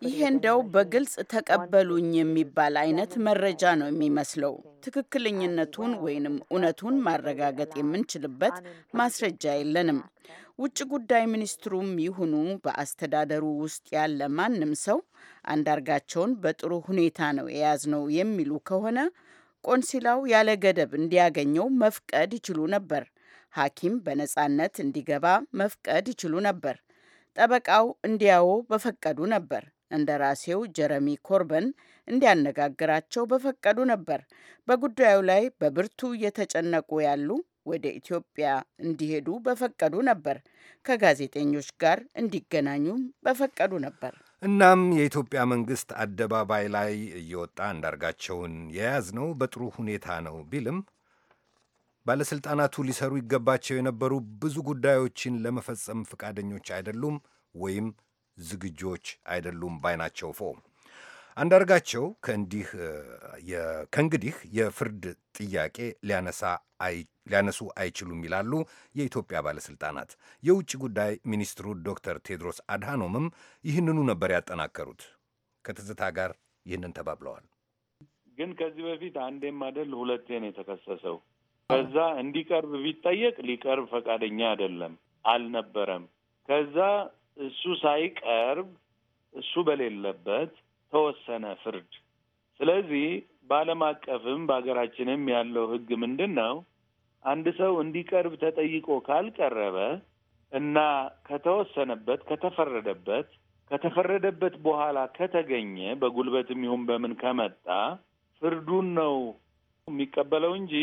ይህ እንደው በግልጽ ተቀበሉኝ የሚባል አይነት መረጃ ነው የሚመስለው። ትክክለኝነቱን ወይንም እውነቱን ማረጋገጥ የምንችልበት ማስረጃ የለንም። eh? ውጭ ጉዳይ ሚኒስትሩም ይሁኑ በአስተዳደሩ ውስጥ ያለ ማንም ሰው አንዳርጋቸውን በጥሩ ሁኔታ ነው የያዝነው የሚሉ ከሆነ ቆንሲላው ያለ ገደብ እንዲያገኘው መፍቀድ ይችሉ ነበር። ሐኪም በነጻነት እንዲገባ መፍቀድ ይችሉ ነበር። ጠበቃው እንዲያው በፈቀዱ ነበር። እንደራሴው ጀረሚ ኮርበን እንዲያነጋግራቸው በፈቀዱ ነበር። በጉዳዩ ላይ በብርቱ እየተጨነቁ ያሉ ወደ ኢትዮጵያ እንዲሄዱ በፈቀዱ ነበር። ከጋዜጠኞች ጋር እንዲገናኙም በፈቀዱ ነበር። እናም የኢትዮጵያ መንግስት አደባባይ ላይ እየወጣ አንዳርጋቸውን ነው በጥሩ ሁኔታ ነው ቢልም ባለሥልጣናቱ ሊሰሩ ይገባቸው የነበሩ ብዙ ጉዳዮችን ለመፈጸም ፈቃደኞች አይደሉም ወይም ዝግጆች አይደሉም ባይ ናቸው። ፎ አንዳርጋቸው ከእንግዲህ የፍርድ ጥያቄ ሊያነሱ አይችሉም ይላሉ የኢትዮጵያ ባለሥልጣናት። የውጭ ጉዳይ ሚኒስትሩ ዶክተር ቴድሮስ አድሃኖምም ይህንኑ ነበር ያጠናከሩት። ከትዝታ ጋር ይህንን ተባብለዋል። ግን ከዚህ በፊት አንዴም አይደል ሁለቴ ነው የተከሰሰው ከዛ እንዲቀርብ ቢጠየቅ ሊቀርብ ፈቃደኛ አይደለም፣ አልነበረም። ከዛ እሱ ሳይቀርብ እሱ በሌለበት ተወሰነ ፍርድ። ስለዚህ በዓለም አቀፍም በሀገራችንም ያለው ህግ ምንድን ነው? አንድ ሰው እንዲቀርብ ተጠይቆ ካልቀረበ እና ከተወሰነበት፣ ከተፈረደበት ከተፈረደበት በኋላ ከተገኘ በጉልበትም ይሁን በምን ከመጣ ፍርዱን ነው የሚቀበለው እንጂ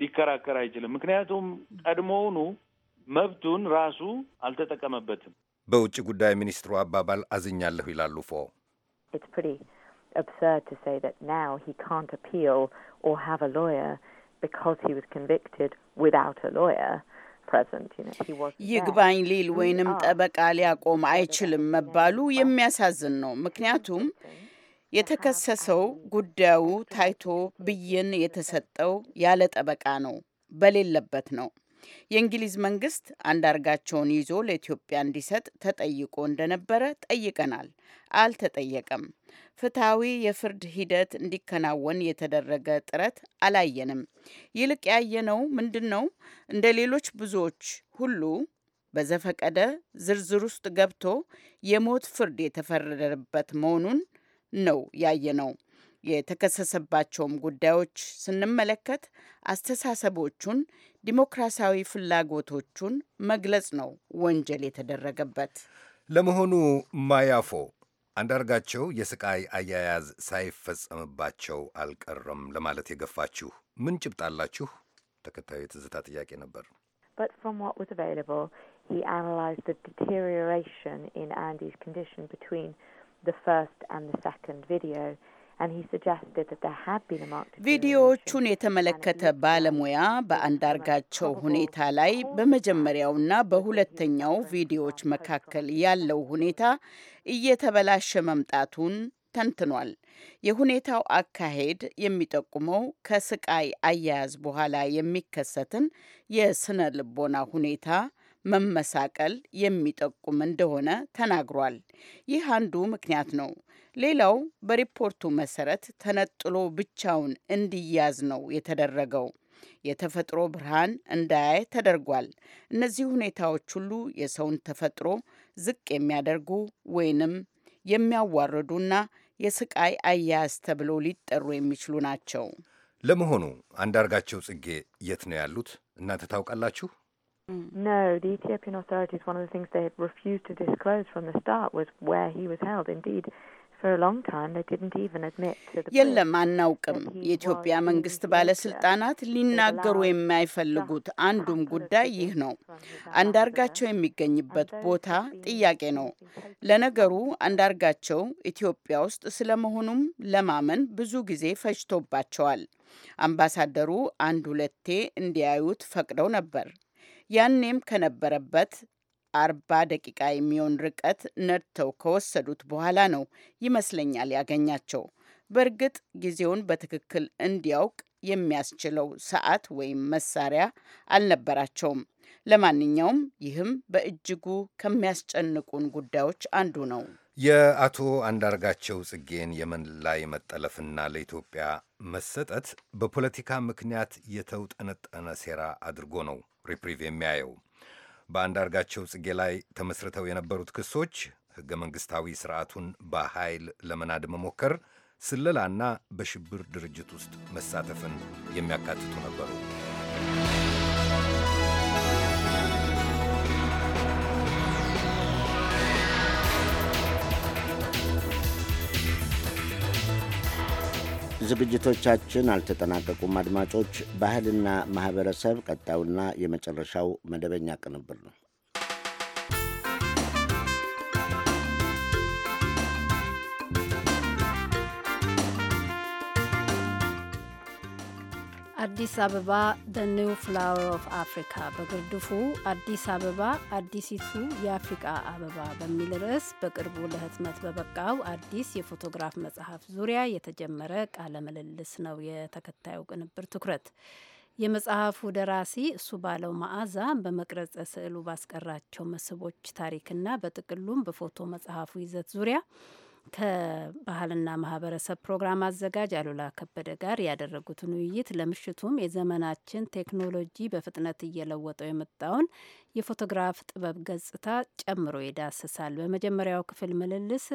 ሊከራከር አይችልም። ምክንያቱም ቀድሞውኑ መብቱን ራሱ አልተጠቀመበትም። በውጭ ጉዳይ ሚኒስትሩ አባባል አዝኛለሁ ይላሉ ፎ ይግባኝ ሊል ወይንም ጠበቃ ሊያቆም አይችልም መባሉ የሚያሳዝን ነው። ምክንያቱም የተከሰሰው ጉዳዩ ታይቶ ብይን የተሰጠው ያለ ጠበቃ ነው፣ በሌለበት ነው። የእንግሊዝ መንግስት አንዳርጋቸውን ይዞ ለኢትዮጵያ እንዲሰጥ ተጠይቆ እንደነበረ ጠይቀናል። አልተጠየቀም። ፍትሐዊ የፍርድ ሂደት እንዲከናወን የተደረገ ጥረት አላየንም። ይልቅ ያየነው ምንድን ነው? እንደ ሌሎች ብዙዎች ሁሉ በዘፈቀደ ዝርዝር ውስጥ ገብቶ የሞት ፍርድ የተፈረደበት መሆኑን ነው ያየነው። የተከሰሰባቸውም ጉዳዮች ስንመለከት አስተሳሰቦቹን፣ ዲሞክራሲያዊ ፍላጎቶቹን መግለጽ ነው ወንጀል የተደረገበት። ለመሆኑ ማያፎ አንዳርጋቸው የስቃይ አያያዝ ሳይፈጸምባቸው አልቀረም ለማለት የገፋችሁ ምን ጭብጥ አላችሁ? ተከታዩ የትዝታ ጥያቄ ነበር። the first and the second video. ቪዲዮዎቹን የተመለከተ ባለሙያ በአንዳርጋቸው ሁኔታ ላይ በመጀመሪያውና በሁለተኛው ቪዲዮዎች መካከል ያለው ሁኔታ እየተበላሸ መምጣቱን ተንትኗል። የሁኔታው አካሄድ የሚጠቁመው ከስቃይ አያያዝ በኋላ የሚከሰትን የስነ ልቦና ሁኔታ መመሳቀል የሚጠቁም እንደሆነ ተናግሯል። ይህ አንዱ ምክንያት ነው። ሌላው በሪፖርቱ መሰረት ተነጥሎ ብቻውን እንዲያዝ ነው የተደረገው። የተፈጥሮ ብርሃን እንዳያይ ተደርጓል። እነዚህ ሁኔታዎች ሁሉ የሰውን ተፈጥሮ ዝቅ የሚያደርጉ ወይንም የሚያዋርዱና የስቃይ አያያዝ ተብሎ ሊጠሩ የሚችሉ ናቸው። ለመሆኑ አንዳርጋቸው ጽጌ የት ነው ያሉት? እናንተ ታውቃላችሁ? Mm. No, the Ethiopian authorities, one of the things they had refused to disclose from the start was where he was held. Indeed, የለም አናውቅም። የኢትዮጵያ መንግስት ባለስልጣናት ሊናገሩ የማይፈልጉት አንዱም ጉዳይ ይህ ነው። አንዳርጋቸው የሚገኝበት ቦታ ጥያቄ ነው። ለነገሩ አንዳርጋቸው ኢትዮጵያ ውስጥ ስለመሆኑም ለማመን ብዙ ጊዜ ፈጅቶባቸዋል። አምባሳደሩ አንድ ሁለቴ እንዲያዩት ፈቅደው ነበር። ያኔም ከነበረበት አርባ ደቂቃ የሚሆን ርቀት ነድተው ከወሰዱት በኋላ ነው ይመስለኛል ያገኛቸው። በእርግጥ ጊዜውን በትክክል እንዲያውቅ የሚያስችለው ሰዓት ወይም መሳሪያ አልነበራቸውም። ለማንኛውም ይህም በእጅጉ ከሚያስጨንቁን ጉዳዮች አንዱ ነው። የአቶ አንዳርጋቸው ጽጌን የመን ላይ መጠለፍና ለኢትዮጵያ መሰጠት በፖለቲካ ምክንያት የተውጠነጠነ ሴራ አድርጎ ነው ሪፕሪቭ የሚያየው። በአንዳርጋቸው ጽጌ ላይ ተመስርተው የነበሩት ክሶች ሕገ መንግሥታዊ ስርዓቱን በኃይል ለመናድ መሞከር፣ ስለላና በሽብር ድርጅት ውስጥ መሳተፍን የሚያካትቱ ነበሩ። ዝግጅቶቻችን አልተጠናቀቁም አድማጮች። ባህልና ማህበረሰብ ቀጣዩና የመጨረሻው መደበኛ ቅንብር ነው። አዲስ አበባ ደ ኒው ፍላወር ኦፍ አፍሪካ በግርድፉ አዲስ አበባ አዲሲቱ የአፍሪቃ አበባ በሚል ርዕስ በቅርቡ ለህትመት በበቃው አዲስ የፎቶግራፍ መጽሐፍ ዙሪያ የተጀመረ ቃለ ምልልስ ነው የተከታዩ ቅንብር ትኩረት። የመጽሐፉ ደራሲ እሱ ባለው መዓዛ በመቅረጸ ስዕሉ ባስቀራቸው መስህቦች ታሪክና በጥቅሉም በፎቶ መጽሐፉ ይዘት ዙሪያ ከባህልና ማህበረሰብ ፕሮግራም አዘጋጅ አሉላ ከበደ ጋር ያደረጉትን ውይይት ለምሽቱም የዘመናችን ቴክኖሎጂ በፍጥነት እየለወጠው የመጣውን የፎቶግራፍ ጥበብ ገጽታ ጨምሮ ይዳስሳል። በመጀመሪያው ክፍል ምልልስ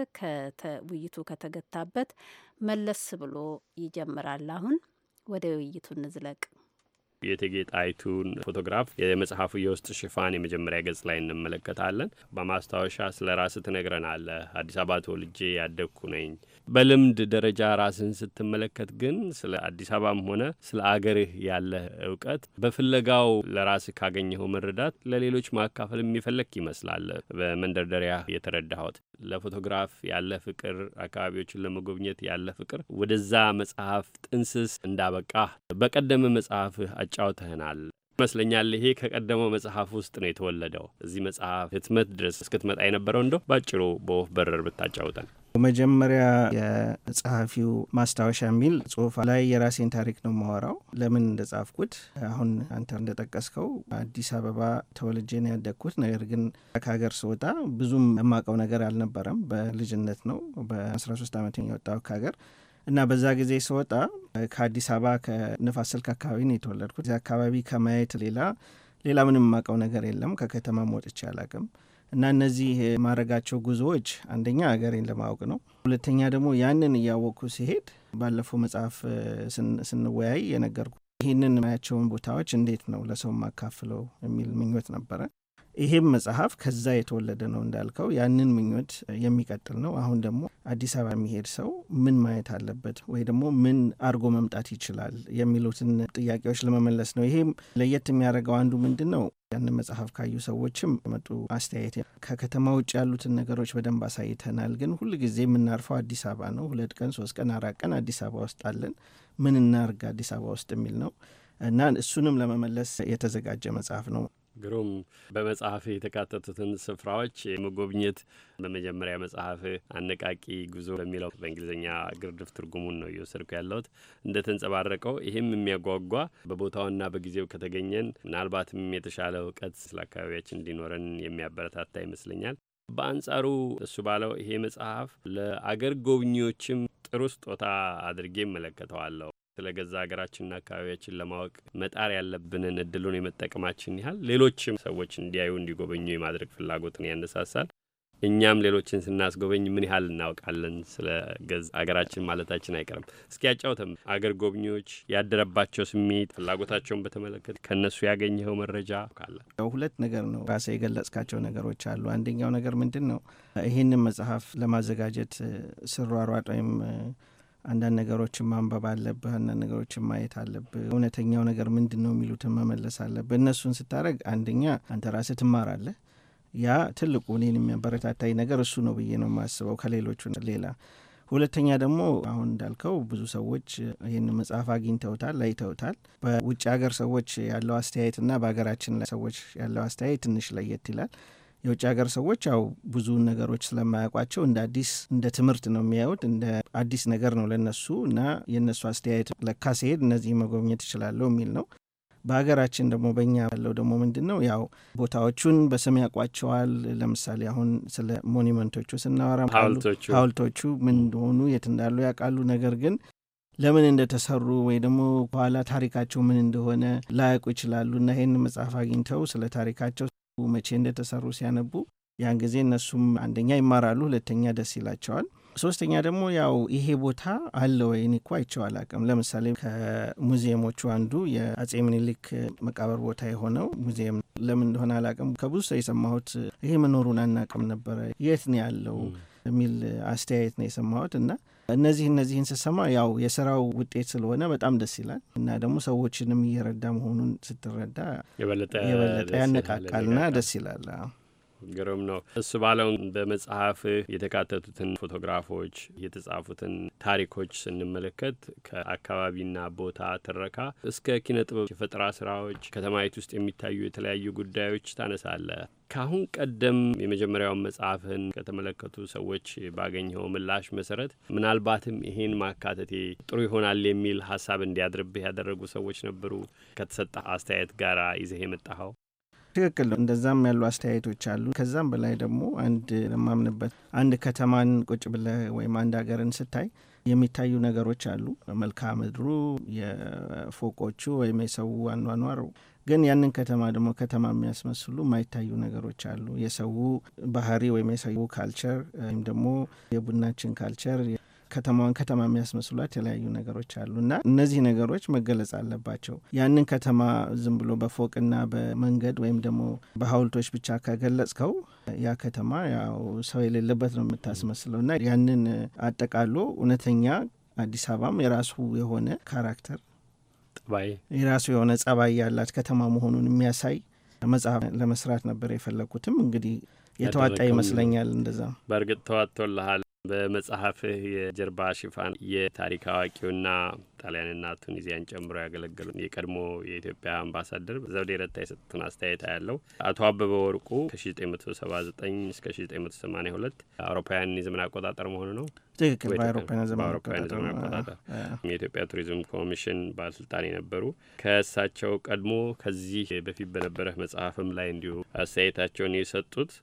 ውይይቱ ከተገታበት መለስ ብሎ ይጀምራል። አሁን ወደ ውይይቱ እንዝለቅ። የእቴጌ ጣይቱን ፎቶግራፍ የመጽሐፉ የውስጥ ሽፋን የመጀመሪያ ገጽ ላይ እንመለከታለን። በማስታወሻ ስለ ራስህ ትነግረናለህ። አዲስ አበባ ተወልጄ ያደግኩ ነኝ በልምድ ደረጃ ራስን ስትመለከት ግን ስለ አዲስ አበባም ሆነ ስለ አገርህ ያለህ እውቀት በፍለጋው ለራስህ ካገኘኸው መረዳት ለሌሎች ማካፈል የሚፈለግ ይመስላል። በመንደርደሪያ የተረዳሁት ለፎቶግራፍ ያለ ፍቅር፣ አካባቢዎችን ለመጎብኘት ያለ ፍቅር ወደዛ መጽሐፍ ጥንስስ እንዳበቃህ በቀደመ መጽሐፍህ አጫውተህናል። ይመስለኛል። ይሄ ከቀደመው መጽሐፍ ውስጥ ነው የተወለደው። እዚህ መጽሐፍ ህትመት ድረስ እስክትመጣ የነበረው እንደው ባጭሩ በወፍ በረር ብታጫውጠን። መጀመሪያ የጸሐፊው ማስታወሻ የሚል ጽሁፍ ላይ የራሴን ታሪክ ነው የማወራው። ለምን እንደጻፍኩት አሁን አንተ እንደጠቀስከው አዲስ አበባ ተወልጄ ነው ያደግኩት። ነገር ግን ከሀገር ስወጣ ብዙም የማውቀው ነገር አልነበረም። በልጅነት ነው በ13 ዓመት የወጣው ከሀገር እና በዛ ጊዜ ስወጣ ከአዲስ አበባ ከንፋስ ስልክ አካባቢ ነው የተወለድኩት። እዚ አካባቢ ከማየት ሌላ ሌላ ምንም የማውቀው ነገር የለም። ከከተማም ወጥቼ አላቅም። እና እነዚህ የማረጋቸው ጉዞዎች አንደኛ አገሬን ለማወቅ ነው። ሁለተኛ ደግሞ ያንን እያወቅኩ ሲሄድ ባለፈው መጽሐፍ ስንወያይ የነገርኩ ይህንን ማያቸውን ቦታዎች እንዴት ነው ለሰው ማካፍለው የሚል ምኞት ነበረ። ይሄም መጽሐፍ ከዛ የተወለደ ነው እንዳልከው ያንን ምኞት የሚቀጥል ነው። አሁን ደግሞ አዲስ አበባ የሚሄድ ሰው ምን ማየት አለበት ወይ ደግሞ ምን አድርጎ መምጣት ይችላል የሚሉትን ጥያቄዎች ለመመለስ ነው። ይሄም ለየት የሚያደርገው አንዱ ምንድን ነው ያንን መጽሐፍ ካዩ ሰዎችም መጡ አስተያየት ከከተማ ውጭ ያሉትን ነገሮች በደንብ አሳይተናል፣ ግን ሁል ጊዜ የምናርፈው አዲስ አበባ ነው። ሁለት ቀን፣ ሶስት ቀን፣ አራት ቀን አዲስ አበባ ውስጥ አለን። ምን እናርግ አዲስ አበባ ውስጥ የሚል ነው እና እሱንም ለመመለስ የተዘጋጀ መጽሐፍ ነው። ግሩም በመጽሐፍ የተካተቱትን ስፍራዎች መጎብኘት በመጀመሪያ መጽሐፍ አነቃቂ ጉዞ በሚለው በእንግሊዝኛ ግርድፍ ትርጉሙን ነው እየወሰድኩ ያለሁት እንደ ተንጸባረቀው ይህም የሚያጓጓ በቦታውና በጊዜው ከተገኘን ምናልባትም የተሻለ እውቀት ስለ አካባቢያችን እንዲኖረን የሚያበረታታ ይመስለኛል። በአንጻሩ እሱ ባለው ይሄ መጽሐፍ ለአገር ጎብኚዎችም ጥሩ ስጦታ አድርጌ እመለከተዋለሁ። ስለ ገዛ ሀገራችንና አካባቢያችን ለማወቅ መጣር ያለብንን እድሉን የመጠቀማችን ያህል ሌሎችም ሰዎች እንዲያዩ እንዲጎበኙ የማድረግ ፍላጎትን ያነሳሳል። እኛም ሌሎችን ስናስጎበኝ ምን ያህል እናውቃለን ስለ ገዝ አገራችን ማለታችን አይቀርም። እስኪ ያጫውተም አገር ጎብኚዎች ያደረባቸው ስሜት፣ ፍላጎታቸውን በተመለከት ከእነሱ ያገኘኸው መረጃ ካለ። ሁለት ነገር ነው ራሴ የገለጽካቸው ነገሮች አሉ። አንደኛው ነገር ምንድን ነው? ይህንን መጽሐፍ ለማዘጋጀት ስሯሯጥ ወይም አንዳንድ ነገሮችን ማንበብ አለብህ፣ አንዳንድ ነገሮችን ማየት አለብህ። እውነተኛው ነገር ምንድን ነው የሚሉትን መመለስ አለብህ። እነሱን ስታደረግ አንደኛ አንተ ራስህ ትማራለህ። ያ ትልቁ እኔን የሚያበረታታኝ ነገር እሱ ነው ብዬ ነው የማስበው ከሌሎቹ ሌላ። ሁለተኛ ደግሞ አሁን እንዳልከው ብዙ ሰዎች ይህን መጽሐፍ አግኝተውታል፣ አይተውታል። በውጭ ሀገር ሰዎች ያለው አስተያየትና በሀገራችን ሰዎች ያለው አስተያየት ትንሽ ለየት ይላል። የውጭ ሀገር ሰዎች ያው ብዙ ነገሮች ስለማያውቋቸው እንደ አዲስ እንደ ትምህርት ነው የሚያዩት፣ እንደ አዲስ ነገር ነው ለነሱ እና የእነሱ አስተያየት ለካ ሲሄድ እነዚህ መጎብኘት እችላለሁ የሚል ነው። በሀገራችን ደግሞ በእኛ ያለው ደግሞ ምንድን ነው ያው ቦታዎቹን በስም ያውቋቸዋል። ለምሳሌ አሁን ስለ ሞኒመንቶቹ ስናወራ ሀውልቶቹ ምን እንደሆኑ የት እንዳሉ ያውቃሉ። ነገር ግን ለምን እንደተሰሩ ወይ ደግሞ በኋላ ታሪካቸው ምን እንደሆነ ላያውቁ ይችላሉ እና ይህን መጽሐፍ አግኝተው ስለ ታሪካቸው መቼ እንደተሰሩ ሲያነቡ ያን ጊዜ እነሱም አንደኛ ይማራሉ፣ ሁለተኛ ደስ ይላቸዋል። ሶስተኛ ደግሞ ያው ይሄ ቦታ አለ ወይ እኔ እኮ አይቼው ለምሳሌ ከሙዚየሞቹ አንዱ የአጼ ምኒልክ መቃብር ቦታ የሆነው ሙዚየም ለምን እንደሆነ አላቅም። ከብዙ ሰው የሰማሁት ይሄ መኖሩን አናቅም ነበረ፣ የት ነው ያለው የሚል አስተያየት ነው የሰማሁት እና እነዚህ እነዚህን ስሰማ ያው የስራው ውጤት ስለሆነ በጣም ደስ ይላል እና ደግሞ ሰዎችንም እየረዳ መሆኑን ስትረዳ የበለጠ ያነቃቃልና ደስ ይላል። ግሩም ነው። እሱ ባለውን በመጽሐፍ የተካተቱትን ፎቶግራፎች የተጻፉትን ታሪኮች ስንመለከት ከአካባቢና ቦታ ትረካ እስከ ኪነ ጥበብ የፈጠራ ስራዎች ከተማይቱ ውስጥ የሚታዩ የተለያዩ ጉዳዮች ታነሳለ። ከአሁን ቀደም የመጀመሪያውን መጽሐፍን ከተመለከቱ ሰዎች ባገኘው ምላሽ መሰረት ምናልባትም ይሄን ማካተቴ ጥሩ ይሆናል የሚል ሀሳብ እንዲያድርብህ ያደረጉ ሰዎች ነበሩ። ከተሰጠ አስተያየት ጋር ይዘህ የመጣኸው ትክክል ነው። እንደዛም ያሉ አስተያየቶች አሉ። ከዛም በላይ ደግሞ አንድ ለማምንበት አንድ ከተማን ቁጭ ብለህ ወይም አንድ ሀገርን ስታይ የሚታዩ ነገሮች አሉ። መልክዓ ምድሩ፣ የፎቆቹ ወይም የሰው አኗኗሩ ግን ያንን ከተማ ደግሞ ከተማ የሚያስመስሉ የማይታዩ ነገሮች አሉ። የሰው ባህሪ ወይም የሰው ካልቸር ወይም ደግሞ የቡናችን ካልቸር ከተማዋን ከተማ የሚያስመስሏት የተለያዩ ነገሮች አሉ እና እነዚህ ነገሮች መገለጽ አለባቸው። ያንን ከተማ ዝም ብሎ በፎቅና በመንገድ ወይም ደግሞ በሀውልቶች ብቻ ከገለጽከው ያ ከተማ ያው ሰው የሌለበት ነው የምታስመስለው እና ያንን አጠቃሎ እውነተኛ አዲስ አበባም የራሱ የሆነ ካራክተር ጠባይ፣ የራሱ የሆነ ጸባይ ያላት ከተማ መሆኑን የሚያሳይ መጽሐፍ ለመስራት ነበር የፈለግኩትም እንግዲህ የተዋጣ ይመስለኛል። እንደዛ በእርግጥ ተዋጥቶልሃል። በመጽሐፍህ የጀርባ ሽፋን የታሪክ አዋቂውና ጣሊያንና ቱኒዚያን ጨምሮ ያገለገሉ የቀድሞ የኢትዮጵያ አምባሳደር ዘውዴ ረታ የሰጡትን አስተያየት ያለው አቶ አበበ ወርቁ ከ1979 እስከ 1982 አውሮፓውያን የዘመን አቆጣጠር መሆኑ ነው። ትክክል። በአውሮፓውያን ዘመን አቆጣጠር የኢትዮጵያ ቱሪዝም ኮሚሽን ባለስልጣን የነበሩ ከእሳቸው ቀድሞ ከዚህ በፊት በነበረ መጽሐፍም ላይ እንዲሁ አስተያየታቸውን የሰጡት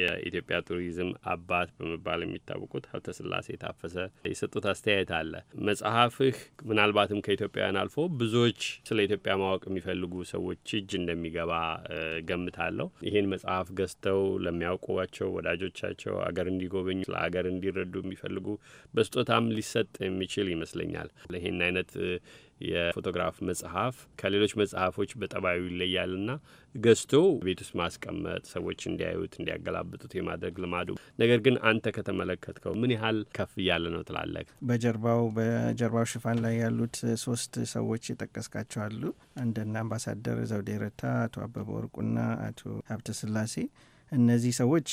የኢትዮጵያ ቱሪዝም አባት በመባል የሚታወቁት ሀብተስላሴ ታፈሰ የሰጡት አስተያየት አለ። መጽሐፍህ ምና ምናልባትም ከኢትዮጵያውያን አልፎ ብዙዎች ስለ ኢትዮጵያ ማወቅ የሚፈልጉ ሰዎች እጅ እንደሚገባ ገምታለሁ። ይህን መጽሐፍ ገዝተው ለሚያውቋቸው ወዳጆቻቸው አገር እንዲጎበኙ ስለ አገር እንዲረዱ የሚፈልጉ በስጦታም ሊሰጥ የሚችል ይመስለኛል። ይህን አይነት የፎቶግራፍ መጽሐፍ ከሌሎች መጽሐፎች በጠባዩ ይለያልና ገዝቶ ቤት ውስጥ ማስቀመጥ ሰዎች እንዲያዩት እንዲያገላብጡት የማድረግ ልማዱ ነገር ግን አንተ ከተመለከትከው ምን ያህል ከፍ እያለ ነው ትላለህ? በጀርባው በጀርባው ሽፋን ላይ ያሉት ሶስት ሰዎች የጠቀስካቸው አሉ እንደነ አምባሳደር ዘውዴ ረታ፣ አቶ አበበ ወርቁና አቶ ሀብተስላሴ እነዚህ ሰዎች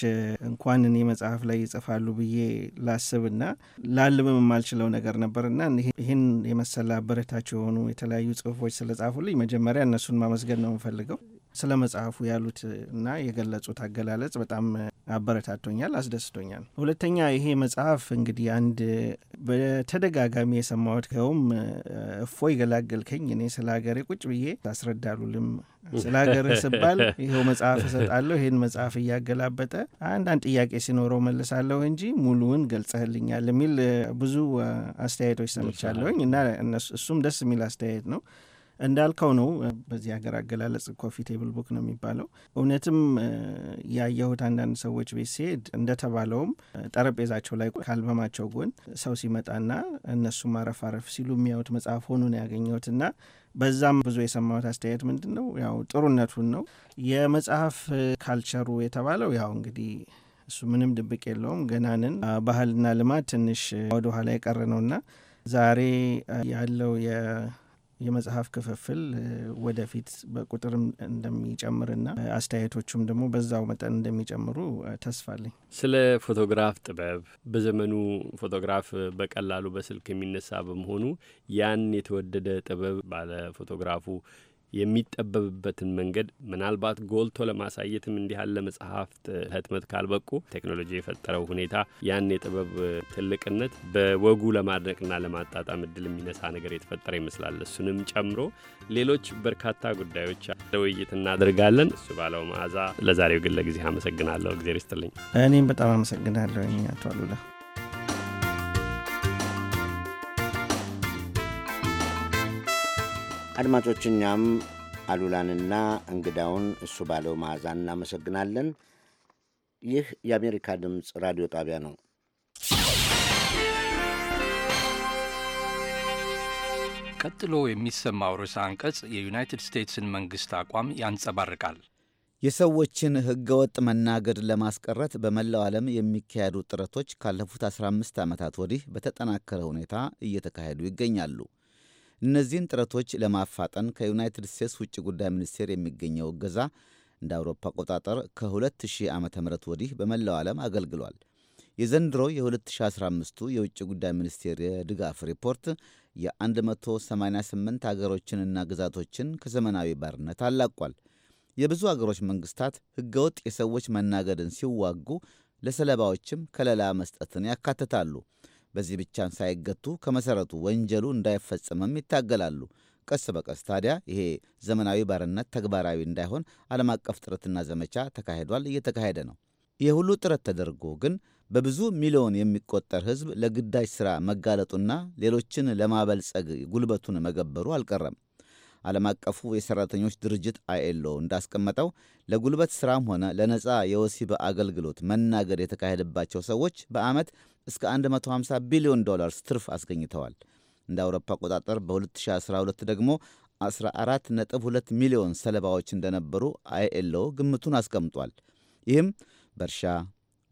እንኳን እኔ መጽሐፍ ላይ ይጽፋሉ ብዬ ላስብና ላልምም የማልችለው ነገር ነበርና ይህን የመሰለ አበረታች የሆኑ የተለያዩ ጽሁፎች ስለጻፉልኝ መጀመሪያ እነሱን ማመስገን ነው የምፈልገው። ስለ መጽሐፉ ያሉት እና የገለጹት አገላለጽ በጣም አበረታቶኛል፣ አስደስቶኛል። ሁለተኛ ይሄ መጽሐፍ እንግዲህ አንድ በተደጋጋሚ የሰማሁት ከውም እፎ ይገላገልከኝ እኔ ስለ ሀገሬ ቁጭ ብዬ ታስረዳሉልም ስለ ሀገር ስባል ይኸው መጽሐፍ እሰጣለሁ። ይህን መጽሐፍ እያገላበጠ አንዳንድ ጥያቄ ሲኖረው መልሳለሁ እንጂ ሙሉውን ገልጸህልኛል የሚል ብዙ አስተያየቶች ሰምቻለሁኝ እና እሱም ደስ የሚል አስተያየት ነው። እንዳልከው ነው። በዚህ ሀገር አገላለጽ ኮፊ ቴብል ቡክ ነው የሚባለው። እውነትም ያየሁት አንዳንድ ሰዎች ቤት ሲሄድ እንደተባለውም ጠረጴዛቸው ላይ ከአልበማቸው ጎን ሰው ሲመጣና እነሱም አረፍ አረፍ ሲሉ የሚያዩት መጽሐፍ ሆኖ ነው ያገኘሁትና በዛም ብዙ የሰማሁት አስተያየት ምንድን ነው ያው ጥሩነቱን ነው የመጽሐፍ ካልቸሩ የተባለው ያው እንግዲህ እሱ ምንም ድብቅ የለውም። ገናንን ባህልና ልማድ ትንሽ ወደኋላ የቀረ ነውና ዛሬ ያለው የመጽሐፍ ክፍፍል ወደፊት በቁጥርም እንደሚጨምርና አስተያየቶቹም ደግሞ በዛው መጠን እንደሚጨምሩ ተስፋ ስለ ፎቶግራፍ ጥበብ በዘመኑ ፎቶግራፍ በቀላሉ በስልክ የሚነሳ በመሆኑ ያን የተወደደ ጥበብ ባለ ፎቶግራፉ የሚጠበብበትን መንገድ ምናልባት ጎልቶ ለማሳየትም እንዲህ ያለ መጽሐፍት ህትመት ካልበቁ ቴክኖሎጂ የፈጠረው ሁኔታ ያን የጥበብ ትልቅነት በወጉ ለማድነቅና ለማጣጣም እድል የሚነሳ ነገር የተፈጠረ ይመስላል። እሱንም ጨምሮ ሌሎች በርካታ ጉዳዮች ውይይት እናደርጋለን። እሱ ባለው መዓዛ ለዛሬው ግን ለጊዜ አመሰግናለሁ። እግዜር ይስጥልኝ። እኔም በጣም አመሰግናለሁ አቶ አሉላ። አድማጮች፣ እኛም አሉላንና እንግዳውን እሱ ባለው መዓዛን እናመሰግናለን። ይህ የአሜሪካ ድምፅ ራዲዮ ጣቢያ ነው። ቀጥሎ የሚሰማው ርዕሰ አንቀጽ የዩናይትድ ስቴትስን መንግሥት አቋም ያንጸባርቃል። የሰዎችን ሕገወጥ መናገድ ለማስቀረት በመላው ዓለም የሚካሄዱ ጥረቶች ካለፉት 15 ዓመታት ወዲህ በተጠናከረ ሁኔታ እየተካሄዱ ይገኛሉ። እነዚህን ጥረቶች ለማፋጠን ከዩናይትድ ስቴትስ ውጭ ጉዳይ ሚኒስቴር የሚገኘው እገዛ እንደ አውሮፓ አቆጣጠር ከ2000 ዓ ም ወዲህ በመላው ዓለም አገልግሏል። የዘንድሮ የ2015ቱ የውጭ ጉዳይ ሚኒስቴር የድጋፍ ሪፖርት የ188 አገሮችንና ግዛቶችን ከዘመናዊ ባርነት አላቋል። የብዙ አገሮች መንግስታት ህገወጥ የሰዎች መናገድን ሲዋጉ ለሰለባዎችም ከለላ መስጠትን ያካትታሉ። በዚህ ብቻን ሳይገቱ ከመሠረቱ ወንጀሉ እንዳይፈጸምም ይታገላሉ። ቀስ በቀስ ታዲያ ይሄ ዘመናዊ ባርነት ተግባራዊ እንዳይሆን ዓለም አቀፍ ጥረትና ዘመቻ ተካሂዷል፣ እየተካሄደ ነው። ይህ ሁሉ ጥረት ተደርጎ ግን በብዙ ሚሊዮን የሚቆጠር ሕዝብ ለግዳጅ ሥራ መጋለጡና ሌሎችን ለማበልጸግ ጉልበቱን መገበሩ አልቀረም። ዓለም አቀፉ የሠራተኞች ድርጅት አይኤልኦ እንዳስቀመጠው ለጉልበት ሥራም ሆነ ለነፃ የወሲብ አገልግሎት መናገር የተካሄደባቸው ሰዎች በዓመት እስከ 150 ቢሊዮን ዶላርስ ትርፍ አስገኝተዋል። እንደ አውሮፓ አቆጣጠር በ2012 ደግሞ 14.2 ሚሊዮን ሰለባዎች እንደነበሩ አይኤልኦ ግምቱን አስቀምጧል። ይህም በእርሻ፣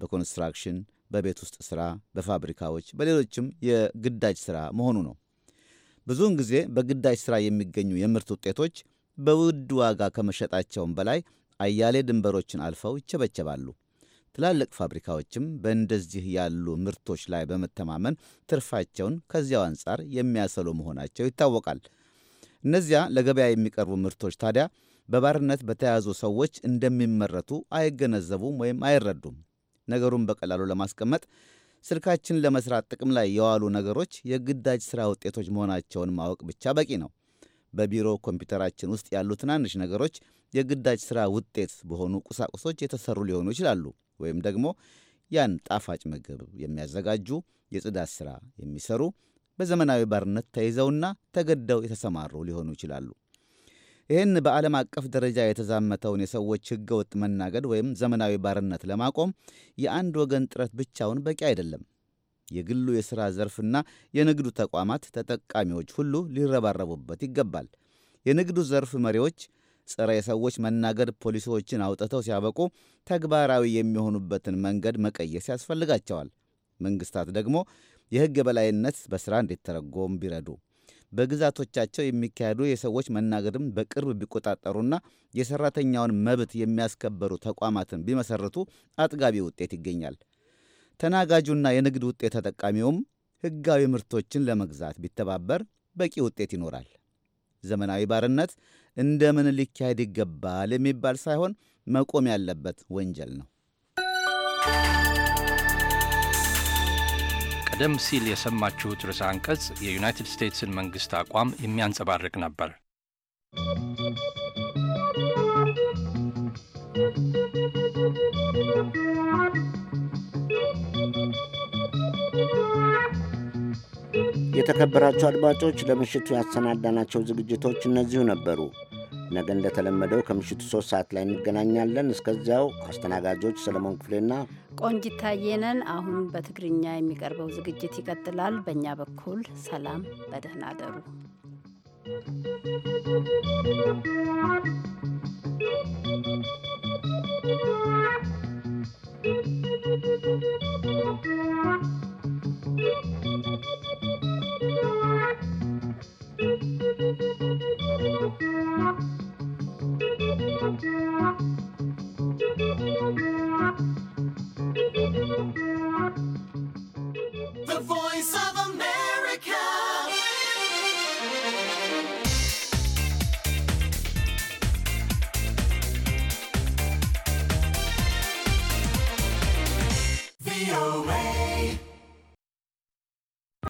በኮንስትራክሽን፣ በቤት ውስጥ ሥራ፣ በፋብሪካዎች፣ በሌሎችም የግዳጅ ሥራ መሆኑ ነው። ብዙውን ጊዜ በግዳጅ ሥራ የሚገኙ የምርት ውጤቶች በውድ ዋጋ ከመሸጣቸውም በላይ አያሌ ድንበሮችን አልፈው ይቸበቸባሉ። ትላልቅ ፋብሪካዎችም በእንደዚህ ያሉ ምርቶች ላይ በመተማመን ትርፋቸውን ከዚያው አንጻር የሚያሰሉ መሆናቸው ይታወቃል። እነዚያ ለገበያ የሚቀርቡ ምርቶች ታዲያ በባርነት በተያዙ ሰዎች እንደሚመረቱ አይገነዘቡም ወይም አይረዱም። ነገሩን በቀላሉ ለማስቀመጥ ስልካችን ለመስራት ጥቅም ላይ የዋሉ ነገሮች የግዳጅ ሥራ ውጤቶች መሆናቸውን ማወቅ ብቻ በቂ ነው። በቢሮ ኮምፒውተራችን ውስጥ ያሉ ትናንሽ ነገሮች የግዳጅ ሥራ ውጤት በሆኑ ቁሳቁሶች የተሰሩ ሊሆኑ ይችላሉ። ወይም ደግሞ ያን ጣፋጭ ምግብ የሚያዘጋጁ፣ የጽዳት ሥራ የሚሰሩ፣ በዘመናዊ ባርነት ተይዘውና ተገደው የተሰማሩ ሊሆኑ ይችላሉ። ይህን በዓለም አቀፍ ደረጃ የተዛመተውን የሰዎች ህገወጥ መናገድ ወይም ዘመናዊ ባርነት ለማቆም የአንድ ወገን ጥረት ብቻውን በቂ አይደለም። የግሉ የሥራ ዘርፍና የንግዱ ተቋማት ተጠቃሚዎች ሁሉ ሊረባረቡበት ይገባል። የንግዱ ዘርፍ መሪዎች ጸረ የሰዎች መናገድ ፖሊሲዎችን አውጥተው ሲያበቁ ተግባራዊ የሚሆኑበትን መንገድ መቀየስ ያስፈልጋቸዋል። መንግሥታት ደግሞ የሕግ የበላይነት በሥራ እንዲተረጎም ቢረዱ በግዛቶቻቸው የሚካሄዱ የሰዎች መናገድም በቅርብ ቢቆጣጠሩና የሰራተኛውን መብት የሚያስከበሩ ተቋማትን ቢመሰርቱ አጥጋቢ ውጤት ይገኛል። ተናጋጁና የንግድ ውጤት ተጠቃሚውም ሕጋዊ ምርቶችን ለመግዛት ቢተባበር በቂ ውጤት ይኖራል። ዘመናዊ ባርነት እንደምን ሊካሄድ ይገባል የሚባል ሳይሆን መቆም ያለበት ወንጀል ነው። ቀደም ሲል የሰማችሁት ርዕሰ አንቀጽ የዩናይትድ ስቴትስን መንግሥት አቋም የሚያንጸባርቅ ነበር። የተከበራቸው አድማጮች ለምሽቱ ያሰናዳናቸው ዝግጅቶች እነዚሁ ነበሩ። ነገ እንደተለመደው ከምሽቱ ሶስት ሰዓት ላይ እንገናኛለን። እስከዚያው አስተናጋጆች ሰለሞን ክፍሌና ቆንጂት ታየ ነን። አሁን በትግርኛ የሚቀርበው ዝግጅት ይቀጥላል። በእኛ በኩል ሰላም፣ በደህና አደሩ። Thank you.